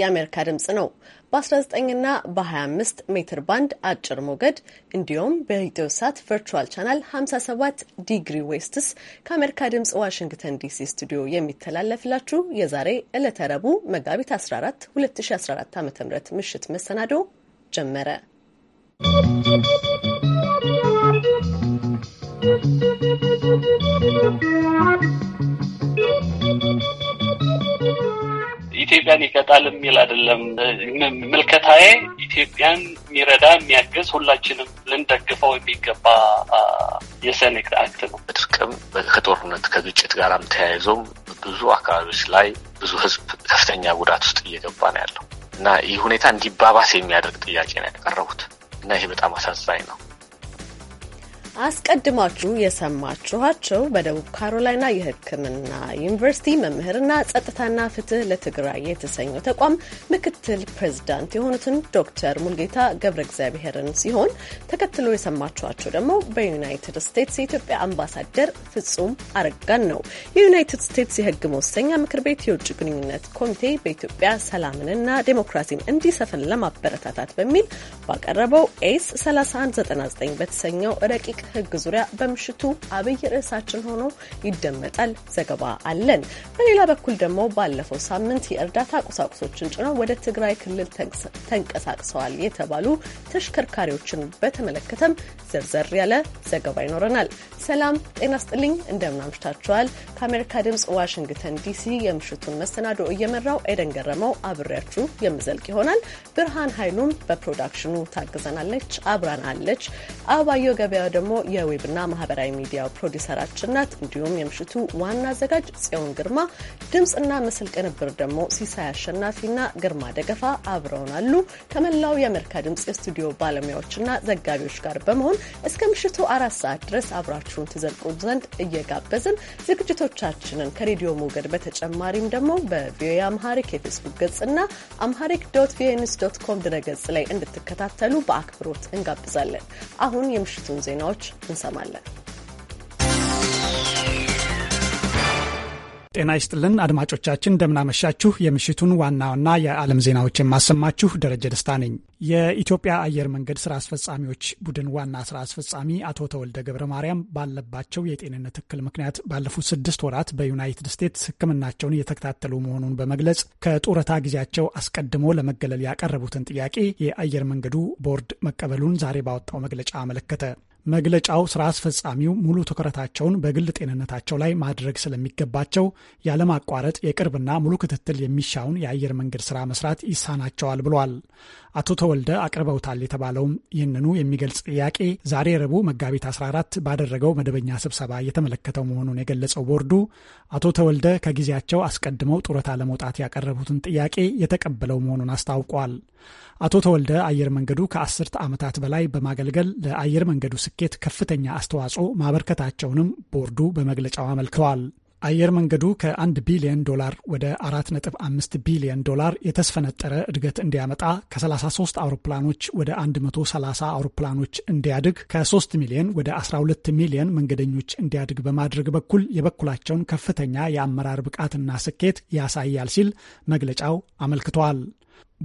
የአሜሪካ ድምጽ ነው። በ19 ና በ25 ሜትር ባንድ አጭር ሞገድ እንዲሁም በኢትዮ ሳት ቨርቹዋል ቻናል 57 ዲግሪ ዌስትስ ከአሜሪካ ድምጽ ዋሽንግተን ዲሲ ስቱዲዮ የሚተላለፍላችሁ የዛሬ ዕለተ ረቡዕ መጋቢት 14 2014 ዓ ም ምሽት መሰናዶ ጀመረ። ¶¶ ኢትዮጵያን ይቀጣል የሚል አይደለም ምልከታዬ። ኢትዮጵያን የሚረዳ የሚያግዝ ሁላችንም ልንደግፈው የሚገባ የሰኔክት አክት ነው። በድርቅም ከጦርነት ከግጭት ጋርም ተያይዘው ብዙ አካባቢዎች ላይ ብዙ ህዝብ ከፍተኛ ጉዳት ውስጥ እየገባ ነው ያለው እና ይህ ሁኔታ እንዲባባስ የሚያደርግ ጥያቄ ነው ያቀረቡት እና ይሄ በጣም አሳዛኝ ነው። አስቀድማችሁ የሰማችኋቸው በደቡብ ካሮላይና የሕክምና ዩኒቨርሲቲ መምህርና ጸጥታና ፍትህ ለትግራይ የተሰኘው ተቋም ምክትል ፕሬዚዳንት የሆኑትን ዶክተር ሙልጌታ ገብረ እግዚአብሔርን ሲሆን ተከትሎ የሰማችኋቸው ደግሞ በዩናይትድ ስቴትስ የኢትዮጵያ አምባሳደር ፍጹም አረጋን ነው። የዩናይትድ ስቴትስ የህግ መወሰኛ ምክር ቤት የውጭ ግንኙነት ኮሚቴ በኢትዮጵያ ሰላምንና ዴሞክራሲን እንዲሰፍን ለማበረታታት በሚል ባቀረበው ኤስ 3199 በተሰኘው ረቂቅ ህግ ዙሪያ በምሽቱ አብይ ርዕሳችን ሆኖ ይደመጣል። ዘገባ አለን። በሌላ በኩል ደግሞ ባለፈው ሳምንት የእርዳታ ቁሳቁሶችን ጭነው ወደ ትግራይ ክልል ተንቀሳቅሰዋል የተባሉ ተሽከርካሪዎችን በተመለከተም ዘርዘር ያለ ዘገባ ይኖረናል። ሰላም ጤና ስጥልኝ፣ እንደምናምሽታችኋል። ከአሜሪካ ድምፅ ዋሽንግተን ዲሲ የምሽቱን መሰናዶ እየመራው ኤደን ገረመው አብሬያችሁ የምዘልቅ ይሆናል። ብርሃን ኃይሉም በፕሮዳክሽኑ ታግዘናለች፣ አብራናለች። አለች። አበባየሁ ገበያ ደግሞ ደግሞ የዌብና ማህበራዊ ሚዲያ ፕሮዲሰራችን ናት። እንዲሁም የምሽቱ ዋና አዘጋጅ ጽዮን ግርማ፣ ድምፅና ምስል ቅንብር ደግሞ ሲሳይ አሸናፊና ግርማ ደገፋ አብረውናሉ። ከመላው የአሜሪካ ድምፅ የስቱዲዮ ባለሙያዎችና ዘጋቢዎች ጋር በመሆን እስከ ምሽቱ አራት ሰዓት ድረስ አብራችሁን ትዘልቁ ዘንድ እየጋበዝን ዝግጅቶቻችንን ከሬዲዮ ሞገድ በተጨማሪም ደግሞ በቪኦኤ አምሃሪክ የፌስቡክ ገጽና አምሃሪክ ዶት ቪኦኤ ኒውስ ዶት ኮም ድረገጽ ላይ እንድትከታተሉ በአክብሮት እንጋብዛለን። አሁን የምሽቱን ዜናዎች ዜናዎች እንሰማለን። ጤና ይስጥልን አድማጮቻችን፣ እንደምናመሻችሁ። የምሽቱን ዋና ዋና የዓለም ዜናዎች የማሰማችሁ ደረጀ ደስታ ነኝ። የኢትዮጵያ አየር መንገድ ስራ አስፈጻሚዎች ቡድን ዋና ስራ አስፈጻሚ አቶ ተወልደ ገብረ ማርያም ባለባቸው የጤንነት እክል ምክንያት ባለፉት ስድስት ወራት በዩናይትድ ስቴትስ ሕክምናቸውን እየተከታተሉ መሆኑን በመግለጽ ከጡረታ ጊዜያቸው አስቀድሞ ለመገለል ያቀረቡትን ጥያቄ የአየር መንገዱ ቦርድ መቀበሉን ዛሬ ባወጣው መግለጫ አመለከተ። መግለጫው ስራ አስፈጻሚው ሙሉ ትኩረታቸውን በግል ጤንነታቸው ላይ ማድረግ ስለሚገባቸው ያለማቋረጥ የቅርብና ሙሉ ክትትል የሚሻውን የአየር መንገድ ስራ መስራት ይሳናቸዋል ብሏል። አቶ ተወልደ አቅርበውታል የተባለውም ይህንኑ የሚገልጽ ጥያቄ ዛሬ ረቡዕ መጋቢት 14 ባደረገው መደበኛ ስብሰባ እየተመለከተው መሆኑን የገለጸው ቦርዱ አቶ ተወልደ ከጊዜያቸው አስቀድመው ጡረታ ለመውጣት ያቀረቡትን ጥያቄ የተቀበለው መሆኑን አስታውቋል። አቶ ተወልደ አየር መንገዱ ከአስርተ ዓመታት በላይ በማገልገል ለአየር መንገዱ ስኬት ከፍተኛ አስተዋጽኦ ማበርከታቸውንም ቦርዱ በመግለጫው አመልክተዋል። አየር መንገዱ ከ1 ቢሊዮን ዶላር ወደ 4.5 ቢሊዮን ዶላር የተስፈነጠረ እድገት እንዲያመጣ ከ33 አውሮፕላኖች ወደ 130 አውሮፕላኖች እንዲያድግ ከ3 ሚሊዮን ወደ 12 ሚሊዮን መንገደኞች እንዲያድግ በማድረግ በኩል የበኩላቸውን ከፍተኛ የአመራር ብቃትና ስኬት ያሳያል ሲል መግለጫው አመልክተዋል።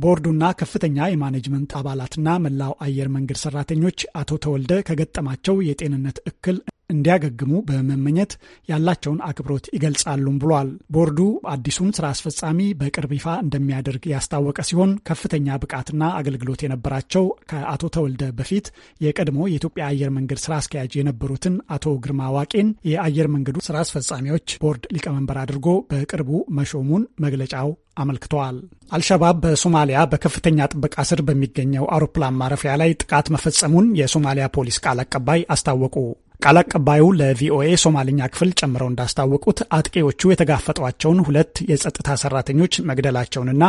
ቦርዱና ከፍተኛ የማኔጅመንት አባላትና መላው አየር መንገድ ሰራተኞች አቶ ተወልደ ከገጠማቸው የጤንነት እክል እንዲያገግሙ በመመኘት ያላቸውን አክብሮት ይገልጻሉም ብሏል። ቦርዱ አዲሱን ስራ አስፈጻሚ በቅርብ ይፋ እንደሚያደርግ ያስታወቀ ሲሆን ከፍተኛ ብቃትና አገልግሎት የነበራቸው ከአቶ ተወልደ በፊት የቀድሞ የኢትዮጵያ አየር መንገድ ስራ አስኪያጅ የነበሩትን አቶ ግርማ ዋቄን የአየር መንገዱ ስራ አስፈጻሚዎች ቦርድ ሊቀመንበር አድርጎ በቅርቡ መሾሙን መግለጫው አመልክተዋል። አልሸባብ በሶማሊያ በከፍተኛ ጥበቃ ስር በሚገኘው አውሮፕላን ማረፊያ ላይ ጥቃት መፈጸሙን የሶማሊያ ፖሊስ ቃል አቀባይ አስታወቁ። ቃል አቀባዩ ለቪኦኤ ሶማልኛ ክፍል ጨምረው እንዳስታወቁት አጥቂዎቹ የተጋፈጧቸውን ሁለት የጸጥታ ሰራተኞች መግደላቸውንና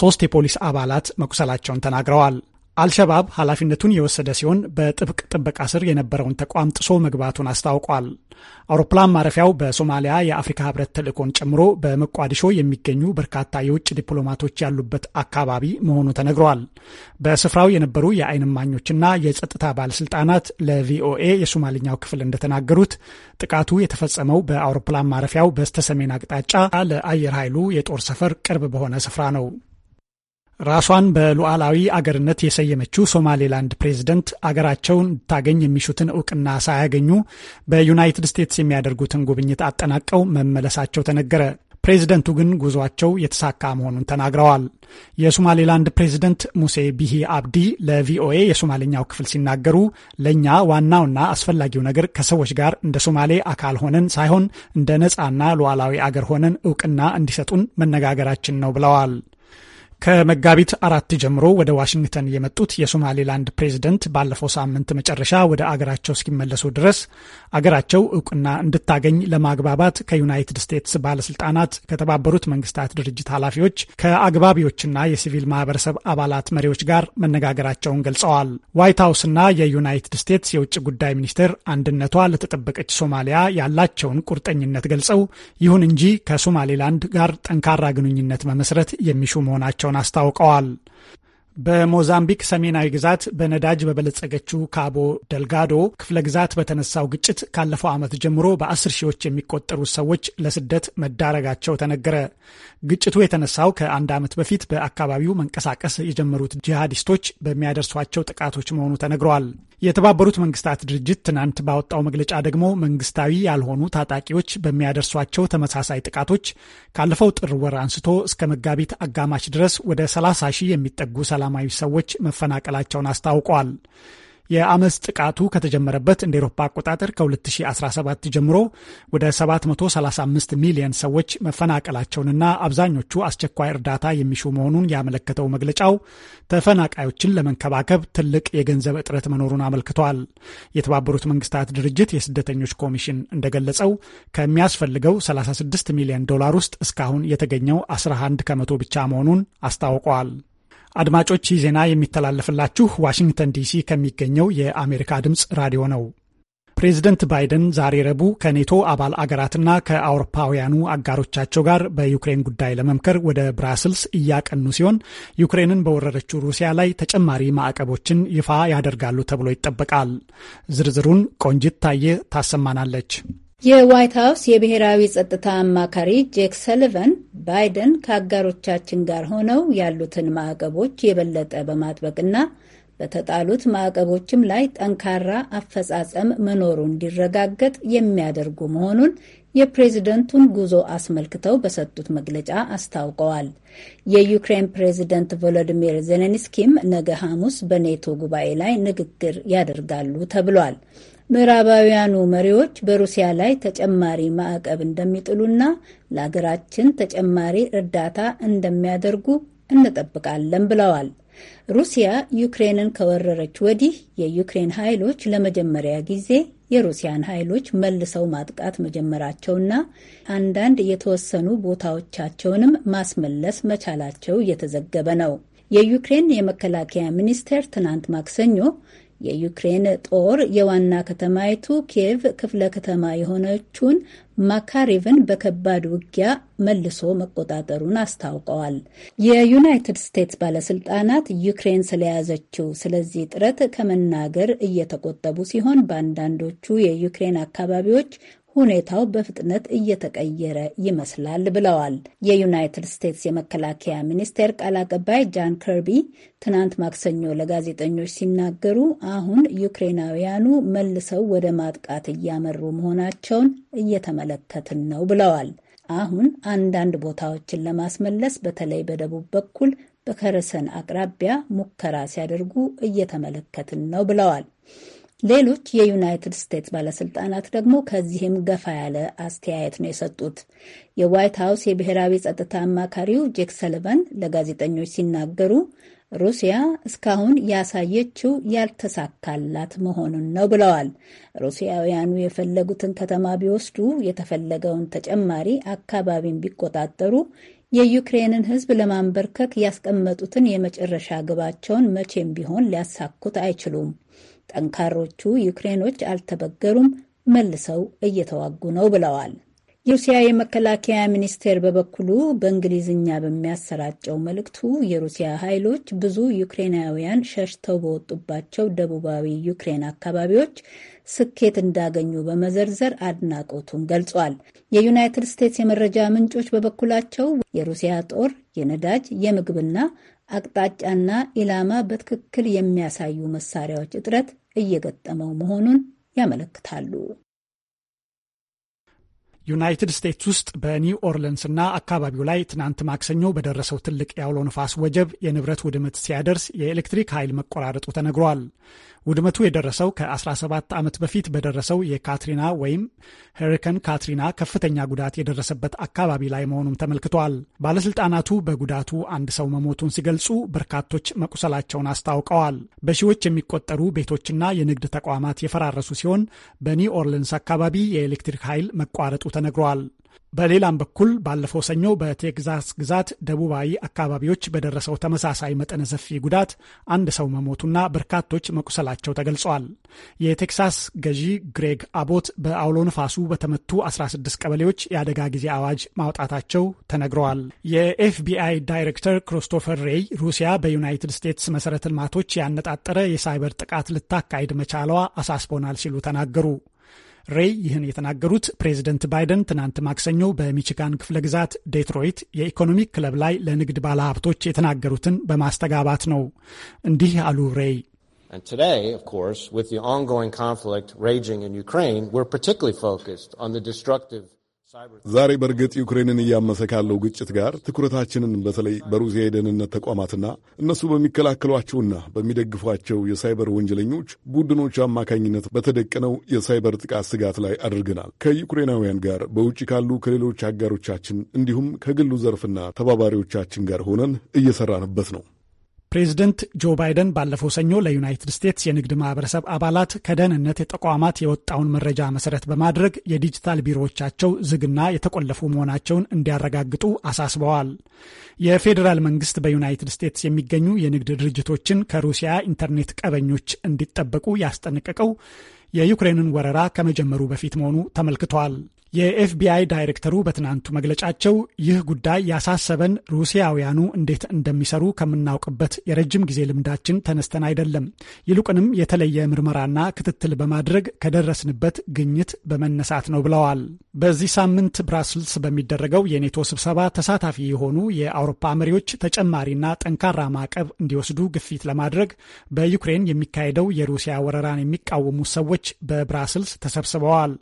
ሶስት የፖሊስ አባላት መቁሰላቸውን ተናግረዋል። አልሸባብ ኃላፊነቱን የወሰደ ሲሆን በጥብቅ ጥበቃ ስር የነበረውን ተቋም ጥሶ መግባቱን አስታውቋል። አውሮፕላን ማረፊያው በሶማሊያ የአፍሪካ ሕብረት ተልእኮን ጨምሮ በመቋዲሾ የሚገኙ በርካታ የውጭ ዲፕሎማቶች ያሉበት አካባቢ መሆኑ ተነግሯል። በስፍራው የነበሩ የአይን እማኞችና የጸጥታ ባለስልጣናት ለቪኦኤ የሶማልኛው ክፍል እንደተናገሩት ጥቃቱ የተፈጸመው በአውሮፕላን ማረፊያው በስተሰሜን አቅጣጫ ለአየር ኃይሉ የጦር ሰፈር ቅርብ በሆነ ስፍራ ነው። ራሷን በሉዓላዊ አገርነት የሰየመችው ሶማሌላንድ ፕሬዝደንት አገራቸውን እንድታገኝ የሚሹትን እውቅና ሳያገኙ በዩናይትድ ስቴትስ የሚያደርጉትን ጉብኝት አጠናቀው መመለሳቸው ተነገረ። ፕሬዝደንቱ ግን ጉዟቸው የተሳካ መሆኑን ተናግረዋል። የሶማሌላንድ ፕሬዝደንት ሙሴ ቢሂ አብዲ ለቪኦኤ የሶማሌኛው ክፍል ሲናገሩ ለእኛ ዋናውና አስፈላጊው ነገር ከሰዎች ጋር እንደ ሶማሌ አካል ሆነን ሳይሆን እንደ ነፃና ሉዓላዊ አገር ሆነን እውቅና እንዲሰጡን መነጋገራችን ነው ብለዋል። ከመጋቢት አራት ጀምሮ ወደ ዋሽንግተን የመጡት የሶማሌላንድ ፕሬዝደንት ባለፈው ሳምንት መጨረሻ ወደ አገራቸው እስኪመለሱ ድረስ አገራቸው እውቅና እንድታገኝ ለማግባባት ከዩናይትድ ስቴትስ ባለስልጣናት፣ ከተባበሩት መንግስታት ድርጅት ኃላፊዎች፣ ከአግባቢዎችና የሲቪል ማህበረሰብ አባላት መሪዎች ጋር መነጋገራቸውን ገልጸዋል። ዋይት ሀውስና የዩናይትድ ስቴትስ የውጭ ጉዳይ ሚኒስቴር አንድነቷ ለተጠበቀች ሶማሊያ ያላቸውን ቁርጠኝነት ገልጸው ይሁን እንጂ ከሶማሌላንድ ጋር ጠንካራ ግንኙነት መመስረት የሚሹ መሆናቸው መሆናቸውን አስታውቀዋል። በሞዛምቢክ ሰሜናዊ ግዛት በነዳጅ በበለጸገችው ካቦ ደልጋዶ ክፍለ ግዛት በተነሳው ግጭት ካለፈው ዓመት ጀምሮ በአስር ሺዎች የሚቆጠሩ ሰዎች ለስደት መዳረጋቸው ተነገረ። ግጭቱ የተነሳው ከአንድ ዓመት በፊት በአካባቢው መንቀሳቀስ የጀመሩት ጂሃዲስቶች በሚያደርሷቸው ጥቃቶች መሆኑ ተነግረዋል። የተባበሩት መንግስታት ድርጅት ትናንት ባወጣው መግለጫ ደግሞ መንግስታዊ ያልሆኑ ታጣቂዎች በሚያደርሷቸው ተመሳሳይ ጥቃቶች ካለፈው ጥር ወር አንስቶ እስከ መጋቢት አጋማሽ ድረስ ወደ 30 ሺህ የሚጠጉ ሰላማዊ ሰዎች መፈናቀላቸውን አስታውቀዋል። የአመፅ ጥቃቱ ከተጀመረበት እንደ ኤሮፓ አቆጣጠር ከ2017 ጀምሮ ወደ 735 ሚሊዮን ሰዎች መፈናቀላቸውንና አብዛኞቹ አስቸኳይ እርዳታ የሚሹ መሆኑን ያመለከተው መግለጫው ተፈናቃዮችን ለመንከባከብ ትልቅ የገንዘብ እጥረት መኖሩን አመልክቷል። የተባበሩት መንግስታት ድርጅት የስደተኞች ኮሚሽን እንደገለጸው ከሚያስፈልገው 36 ሚሊዮን ዶላር ውስጥ እስካሁን የተገኘው 11 ከመቶ ብቻ መሆኑን አስታውቋል። አድማጮች ይህ ዜና የሚተላለፍላችሁ ዋሽንግተን ዲሲ ከሚገኘው የአሜሪካ ድምፅ ራዲዮ ነው። ፕሬዝደንት ባይደን ዛሬ ረቡዕ ከኔቶ አባል አገራትና ከአውሮፓውያኑ አጋሮቻቸው ጋር በዩክሬን ጉዳይ ለመምከር ወደ ብራስልስ እያቀኑ ሲሆን ዩክሬንን በወረረችው ሩሲያ ላይ ተጨማሪ ማዕቀቦችን ይፋ ያደርጋሉ ተብሎ ይጠበቃል። ዝርዝሩን ቆንጂት ታየ ታሰማናለች። የዋይት ሀውስ የብሔራዊ ጸጥታ አማካሪ ጄክ ሰሊቨን ባይደን ከአጋሮቻችን ጋር ሆነው ያሉትን ማዕቀቦች የበለጠ በማጥበቅና በተጣሉት ማዕቀቦችም ላይ ጠንካራ አፈጻጸም መኖሩ እንዲረጋገጥ የሚያደርጉ መሆኑን የፕሬዝደንቱን ጉዞ አስመልክተው በሰጡት መግለጫ አስታውቀዋል። የዩክሬን ፕሬዝደንት ቮሎዲሚር ዜሌንስኪም ነገ ሐሙስ በኔቶ ጉባኤ ላይ ንግግር ያደርጋሉ ተብሏል። ምዕራባውያኑ መሪዎች በሩሲያ ላይ ተጨማሪ ማዕቀብ እንደሚጥሉና ለሀገራችን ተጨማሪ እርዳታ እንደሚያደርጉ እንጠብቃለን ብለዋል። ሩሲያ ዩክሬንን ከወረረች ወዲህ የዩክሬን ኃይሎች ለመጀመሪያ ጊዜ የሩሲያን ኃይሎች መልሰው ማጥቃት መጀመራቸውና አንዳንድ የተወሰኑ ቦታዎቻቸውንም ማስመለስ መቻላቸው እየተዘገበ ነው። የዩክሬን የመከላከያ ሚኒስቴር ትናንት ማክሰኞ የዩክሬን ጦር የዋና ከተማይቱ ኪየቭ ክፍለ ከተማ የሆነችውን ማካሪቭን በከባድ ውጊያ መልሶ መቆጣጠሩን አስታውቀዋል። የዩናይትድ ስቴትስ ባለስልጣናት ዩክሬን ስለያዘችው ስለዚህ ጥረት ከመናገር እየተቆጠቡ ሲሆን በአንዳንዶቹ የዩክሬን አካባቢዎች ሁኔታው በፍጥነት እየተቀየረ ይመስላል ብለዋል። የዩናይትድ ስቴትስ የመከላከያ ሚኒስቴር ቃል አቀባይ ጃን ከርቢ ትናንት ማክሰኞ ለጋዜጠኞች ሲናገሩ አሁን ዩክሬናውያኑ መልሰው ወደ ማጥቃት እያመሩ መሆናቸውን እየተመለከትን ነው ብለዋል። አሁን አንዳንድ ቦታዎችን ለማስመለስ በተለይ በደቡብ በኩል በከረሰን አቅራቢያ ሙከራ ሲያደርጉ እየተመለከትን ነው ብለዋል። ሌሎች የዩናይትድ ስቴትስ ባለስልጣናት ደግሞ ከዚህም ገፋ ያለ አስተያየት ነው የሰጡት። የዋይት ሀውስ የብሔራዊ ጸጥታ አማካሪው ጄክ ሰልቫን ለጋዜጠኞች ሲናገሩ ሩሲያ እስካሁን ያሳየችው ያልተሳካላት መሆኑን ነው ብለዋል። ሩሲያውያኑ የፈለጉትን ከተማ ቢወስዱ፣ የተፈለገውን ተጨማሪ አካባቢን ቢቆጣጠሩ፣ የዩክሬንን ሕዝብ ለማንበርከክ ያስቀመጡትን የመጨረሻ ግባቸውን መቼም ቢሆን ሊያሳኩት አይችሉም። ጠንካሮቹ ዩክሬኖች አልተበገሩም፣ መልሰው እየተዋጉ ነው ብለዋል። የሩሲያ የመከላከያ ሚኒስቴር በበኩሉ በእንግሊዝኛ በሚያሰራጨው መልእክቱ የሩሲያ ኃይሎች ብዙ ዩክሬናውያን ሸሽተው በወጡባቸው ደቡባዊ ዩክሬን አካባቢዎች ስኬት እንዳገኙ በመዘርዘር አድናቆቱን ገልጿል። የዩናይትድ ስቴትስ የመረጃ ምንጮች በበኩላቸው የሩሲያ ጦር የነዳጅ የምግብና አቅጣጫና ኢላማ በትክክል የሚያሳዩ መሳሪያዎች እጥረት እየገጠመው መሆኑን ያመለክታሉ። ዩናይትድ ስቴትስ ውስጥ በኒው እና አካባቢው ላይ ትናንት ማክሰኞ በደረሰው ትልቅ የአውሎ ነፋስ ወጀብ የንብረት ውድመት ሲያደርስ የኤሌክትሪክ ኃይል መቆራረጡ ተነግሯል። ውድመቱ የደረሰው ከ17 ዓመት በፊት በደረሰው የካትሪና ወይም ሄሪከን ካትሪና ከፍተኛ ጉዳት የደረሰበት አካባቢ ላይ መሆኑም ተመልክቷል። ባለስልጣናቱ በጉዳቱ አንድ ሰው መሞቱን ሲገልጹ በርካቶች መቁሰላቸውን አስታውቀዋል። በሺዎች የሚቆጠሩ ቤቶችና የንግድ ተቋማት የፈራረሱ ሲሆን በኒው ኦርሊንስ አካባቢ የኤሌክትሪክ ኃይል መቋረጡ ተነግሯል። በሌላም በኩል ባለፈው ሰኞ በቴክዛስ ግዛት ደቡባዊ አካባቢዎች በደረሰው ተመሳሳይ መጠነ ሰፊ ጉዳት አንድ ሰው መሞቱና በርካቶች መቁሰላቸው ተገልጿል። የቴክሳስ ገዢ ግሬግ አቦት በአውሎ ንፋሱ በተመቱ 16 ቀበሌዎች የአደጋ ጊዜ አዋጅ ማውጣታቸው ተነግረዋል። የኤፍቢአይ ዳይሬክተር ክሪስቶፈር ሬይ ሩሲያ በዩናይትድ ስቴትስ መሰረተ ልማቶች ያነጣጠረ የሳይበር ጥቃት ልታካሄድ መቻለዋ አሳስቦናል ሲሉ ተናገሩ። ሬይ ይህን የተናገሩት ፕሬዚደንት ባይደን ትናንት ማክሰኞ በሚችጋን ክፍለ ግዛት ዴትሮይት የኢኮኖሚክ ክለብ ላይ ለንግድ ባለሀብቶች የተናገሩትን በማስተጋባት ነው። እንዲህ አሉ ሬይ And today, of course, with the ongoing conflict raging in Ukraine, we're particularly focused on the destructive ዛሬ በእርግጥ ዩክሬንን እያመሰ ካለው ግጭት ጋር ትኩረታችንን በተለይ በሩሲያ የደህንነት ተቋማትና እነሱ በሚከላከሏቸውና በሚደግፏቸው የሳይበር ወንጀለኞች ቡድኖች አማካኝነት በተደቀነው የሳይበር ጥቃት ስጋት ላይ አድርገናል። ከዩክሬናውያን ጋር በውጭ ካሉ ከሌሎች አጋሮቻችን እንዲሁም ከግሉ ዘርፍና ተባባሪዎቻችን ጋር ሆነን እየሰራንበት ነው። ፕሬዚደንት ጆ ባይደን ባለፈው ሰኞ ለዩናይትድ ስቴትስ የንግድ ማህበረሰብ አባላት ከደህንነት ተቋማት የወጣውን መረጃ መሰረት በማድረግ የዲጂታል ቢሮዎቻቸው ዝግና የተቆለፉ መሆናቸውን እንዲያረጋግጡ አሳስበዋል። የፌዴራል መንግስት በዩናይትድ ስቴትስ የሚገኙ የንግድ ድርጅቶችን ከሩሲያ ኢንተርኔት ቀበኞች እንዲጠበቁ ያስጠነቀቀው የዩክሬንን ወረራ ከመጀመሩ በፊት መሆኑ ተመልክቷል። የኤፍቢአይ ዳይሬክተሩ በትናንቱ መግለጫቸው ይህ ጉዳይ ያሳሰበን ሩሲያውያኑ እንዴት እንደሚሰሩ ከምናውቅበት የረጅም ጊዜ ልምዳችን ተነስተን አይደለም፣ ይልቁንም የተለየ ምርመራና ክትትል በማድረግ ከደረስንበት ግኝት በመነሳት ነው ብለዋል። በዚህ ሳምንት ብራስልስ በሚደረገው የኔቶ ስብሰባ ተሳታፊ የሆኑ የአውሮፓ መሪዎች ተጨማሪና ጠንካራ ማዕቀብ እንዲወስዱ ግፊት ለማድረግ በዩክሬን የሚካሄደው የሩሲያ ወረራን የሚቃወሙ ሰዎች በብራስልስ ተሰብስበዋል።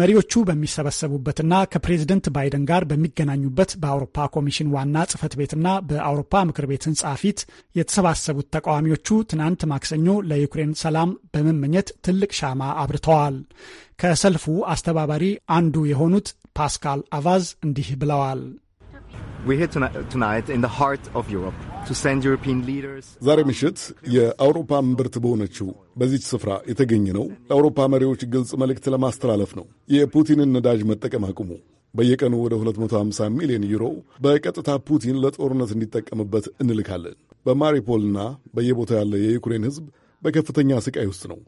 መሪዎቹ በሚሰበሰቡበትና ከፕሬዝደንት ባይደን ጋር በሚገናኙበት በአውሮፓ ኮሚሽን ዋና ጽህፈት ቤትና በአውሮፓ ምክር ቤት ህንጻ ፊት የተሰባሰቡት ተቃዋሚዎቹ ትናንት ማክሰኞ ለዩክሬን ሰላም በመመኘት ትልቅ ሻማ አብርተዋል። ከሰልፉ አስተባባሪ አንዱ የሆኑት ፓስካል አቫዝ እንዲህ ብለዋል። We hit tonight in the heart of Europe. ዛሬ ምሽት የአውሮፓ እምብርት በሆነችው በዚች ስፍራ የተገኘ ነው ለአውሮፓ መሪዎች ግልጽ መልእክት ለማስተላለፍ ነው። የፑቲንን ነዳጅ መጠቀም አቁሙ። በየቀኑ ወደ 250 ሚሊዮን ዩሮ በቀጥታ ፑቲን ለጦርነት እንዲጠቀምበት እንልካለን። በማሪፖልና በየቦታው ያለ የዩክሬን ሕዝብ በከፍተኛ ስቃይ ውስጥ ነው።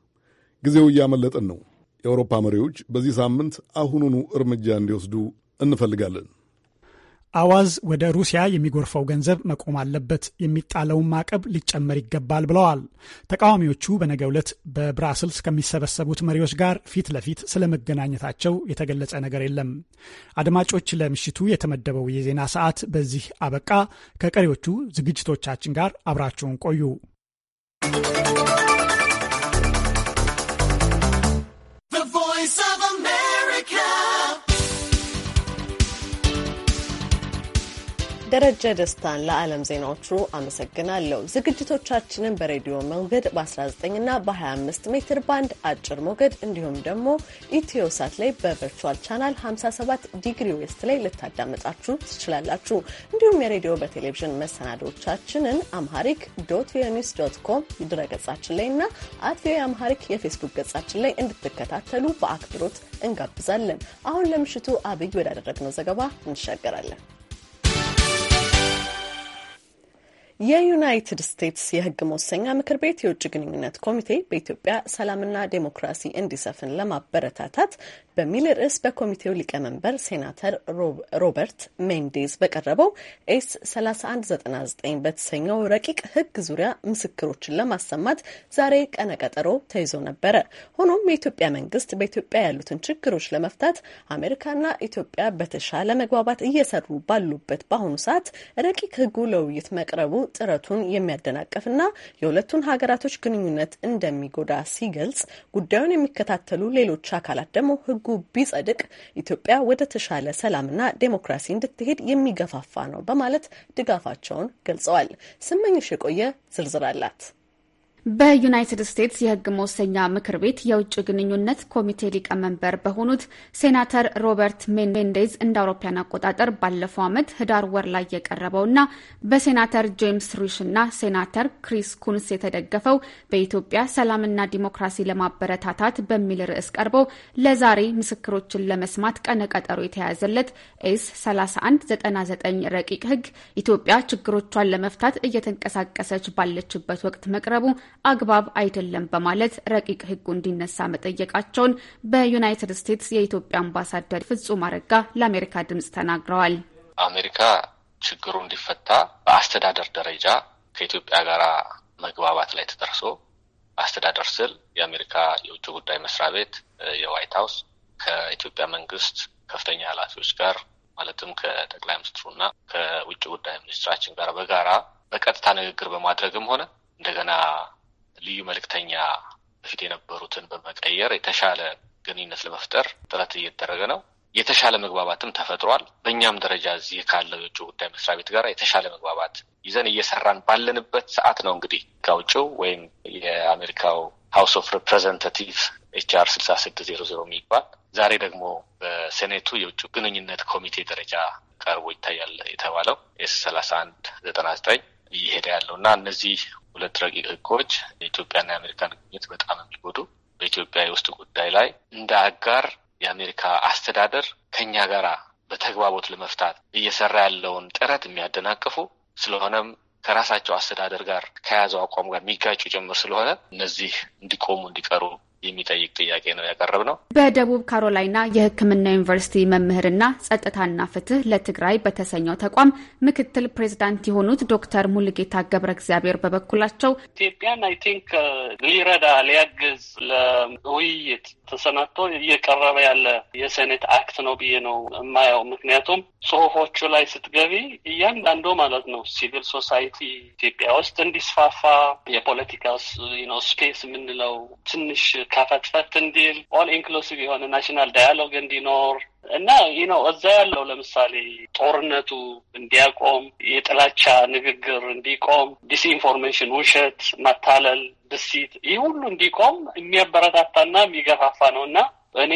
ጊዜው እያመለጠን ነው። የአውሮፓ መሪዎች በዚህ ሳምንት አሁኑኑ እርምጃ እንዲወስዱ እንፈልጋለን። አዋዝ ወደ ሩሲያ የሚጎርፈው ገንዘብ መቆም አለበት፣ የሚጣለውን ማዕቀብ ሊጨመር ይገባል ብለዋል። ተቃዋሚዎቹ በነገው ዕለት በብራስልስ ከሚሰበሰቡት መሪዎች ጋር ፊት ለፊት ስለመገናኘታቸው የተገለጸ ነገር የለም። አድማጮች፣ ለምሽቱ የተመደበው የዜና ሰዓት በዚህ አበቃ። ከቀሪዎቹ ዝግጅቶቻችን ጋር አብራችሁን ቆዩ። ደረጀ ደስታን ለዓለም ዜናዎቹ አመሰግናለሁ። ዝግጅቶቻችንን በሬዲዮ ሞገድ በ19 ና በ25 ሜትር ባንድ አጭር ሞገድ እንዲሁም ደግሞ ኢትዮ ሳት ላይ በቨርቹዋል ቻናል 57 ዲግሪ ዌስት ላይ ልታዳመጣችሁ ትችላላችሁ። እንዲሁም የሬዲዮ በቴሌቪዥን መሰናዶቻችንን አምሃሪክ ዶት ቪኦኤኒውስ ዶት ኮም ድረገጻችን ላይ እና አት ቪኦኤ አምሃሪክ የፌስቡክ ገጻችን ላይ እንድትከታተሉ በአክብሮት እንጋብዛለን። አሁን ለምሽቱ አብይ ወዳደረግነው ዘገባ እንሻገራለን። የዩናይትድ ስቴትስ የህግ መወሰኛ ምክር ቤት የውጭ ግንኙነት ኮሚቴ በኢትዮጵያ ሰላምና ዴሞክራሲ እንዲሰፍን ለማበረታታት በሚል ርዕስ በኮሚቴው ሊቀመንበር ሴናተር ሮበርት ሜንዴዝ በቀረበው ኤስ 3199 በተሰኘው ረቂቅ ህግ ዙሪያ ምስክሮችን ለማሰማት ዛሬ ቀነቀጠሮ ተይዞ ነበረ። ሆኖም የኢትዮጵያ መንግስት በኢትዮጵያ ያሉትን ችግሮች ለመፍታት አሜሪካና ኢትዮጵያ በተሻለ መግባባት እየሰሩ ባሉበት በአሁኑ ሰዓት ረቂቅ ህጉ ለውይይት መቅረቡ ጥረቱን የሚያደናቀፍና የሁለቱን ሀገራቶች ግንኙነት እንደሚጎዳ ሲገልጽ፣ ጉዳዩን የሚከታተሉ ሌሎች አካላት ደግሞ ህጉ ቢጸድቅ ኢትዮጵያ ወደ ተሻለ ሰላምና ዴሞክራሲ እንድትሄድ የሚገፋፋ ነው በማለት ድጋፋቸውን ገልጸዋል። ስመኝሽ የቆየ ዝርዝር አላት። በዩናይትድ ስቴትስ የህግ መወሰኛ ምክር ቤት የውጭ ግንኙነት ኮሚቴ ሊቀመንበር በሆኑት ሴናተር ሮበርት ሜንዴዝ እንደ አውሮፓያን አቆጣጠር ባለፈው ዓመት ህዳር ወር ላይ የቀረበውና በሴናተር ጄምስ ሩሽ እና ሴናተር ክሪስ ኩንስ የተደገፈው በኢትዮጵያ ሰላምና ዲሞክራሲ ለማበረታታት በሚል ርዕስ ቀርበው ለዛሬ ምስክሮችን ለመስማት ቀነቀጠሮ የተያዘለት ኤስ 3199 ረቂቅ ህግ ኢትዮጵያ ችግሮቿን ለመፍታት እየተንቀሳቀሰች ባለችበት ወቅት መቅረቡ አግባብ አይደለም በማለት ረቂቅ ህጉ እንዲነሳ መጠየቃቸውን በዩናይትድ ስቴትስ የኢትዮጵያ አምባሳደር ፍጹም አረጋ ለአሜሪካ ድምጽ ተናግረዋል። አሜሪካ ችግሩ እንዲፈታ በአስተዳደር ደረጃ ከኢትዮጵያ ጋር መግባባት ላይ ተደርሶ አስተዳደር ስል የአሜሪካ የውጭ ጉዳይ መስሪያ ቤት የዋይት ሀውስ ከኢትዮጵያ መንግስት ከፍተኛ ኃላፊዎች ጋር ማለትም ከጠቅላይ ሚኒስትሩና ከውጭ ጉዳይ ሚኒስትራችን ጋር በጋራ በቀጥታ ንግግር በማድረግም ሆነ እንደገና ልዩ መልእክተኛ በፊት የነበሩትን በመቀየር የተሻለ ግንኙነት ለመፍጠር ጥረት እየተደረገ ነው። የተሻለ መግባባትም ተፈጥሯል። በእኛም ደረጃ እዚህ ካለው የውጭ ጉዳይ መስሪያ ቤት ጋር የተሻለ መግባባት ይዘን እየሰራን ባለንበት ሰዓት ነው እንግዲህ ከውጭው ወይም የአሜሪካው ሀውስ ኦፍ ሪፕሬዘንታቲቭ ኤችአር ስልሳ ስድስት ዜሮ ዜሮ የሚባል ዛሬ ደግሞ በሴኔቱ የውጭ ግንኙነት ኮሚቴ ደረጃ ቀርቦ ይታያል የተባለው ኤስ ሰላሳ አንድ ዘጠና ዘጠኝ እየሄደ ያለው እና እነዚህ ሁለት ረቂቅ ህጎች የኢትዮጵያና የአሜሪካን ግንኙነት በጣም የሚጎዱ በኢትዮጵያ የውስጥ ጉዳይ ላይ እንደ አጋር የአሜሪካ አስተዳደር ከኛ ጋራ በተግባቦት ለመፍታት እየሰራ ያለውን ጥረት የሚያደናቅፉ ስለሆነም ከራሳቸው አስተዳደር ጋር ከያዘው አቋም ጋር የሚጋጩ ጭምር ስለሆነ እነዚህ እንዲቆሙ እንዲቀሩ የሚጠይቅ ጥያቄ ነው ያቀረብ ነው። በደቡብ ካሮላይና የሕክምና ዩኒቨርሲቲ መምህርና ጸጥታና ፍትህ ለትግራይ በተሰኘው ተቋም ምክትል ፕሬዚዳንት የሆኑት ዶክተር ሙልጌታ ገብረ እግዚአብሔር በበኩላቸው ኢትዮጵያን አይ ቲንክ ሊረዳ ሊያግዝ ለውይይት ተሰናድቶ እየቀረበ ያለ የሴኔት አክት ነው ብዬ ነው የማየው። ምክንያቱም ጽሁፎቹ ላይ ስትገቢ እያንዳንዱ ማለት ነው ሲቪል ሶሳይቲ ኢትዮጵያ ውስጥ እንዲስፋፋ የፖለቲካ ነው ስፔስ የምንለው ትንሽ ከፈትፈት እንዲል ኦል ኢንክሉሲቭ የሆነ ናሽናል ዳያሎግ እንዲኖር እና ይህ ነው እዛ ያለው ለምሳሌ ጦርነቱ እንዲያቆም፣ የጥላቻ ንግግር እንዲቆም፣ ዲስኢንፎርሜሽን፣ ውሸት፣ ማታለል፣ ድሲት ይህ ሁሉ እንዲቆም የሚያበረታታና የሚገፋፋ ነው እና እኔ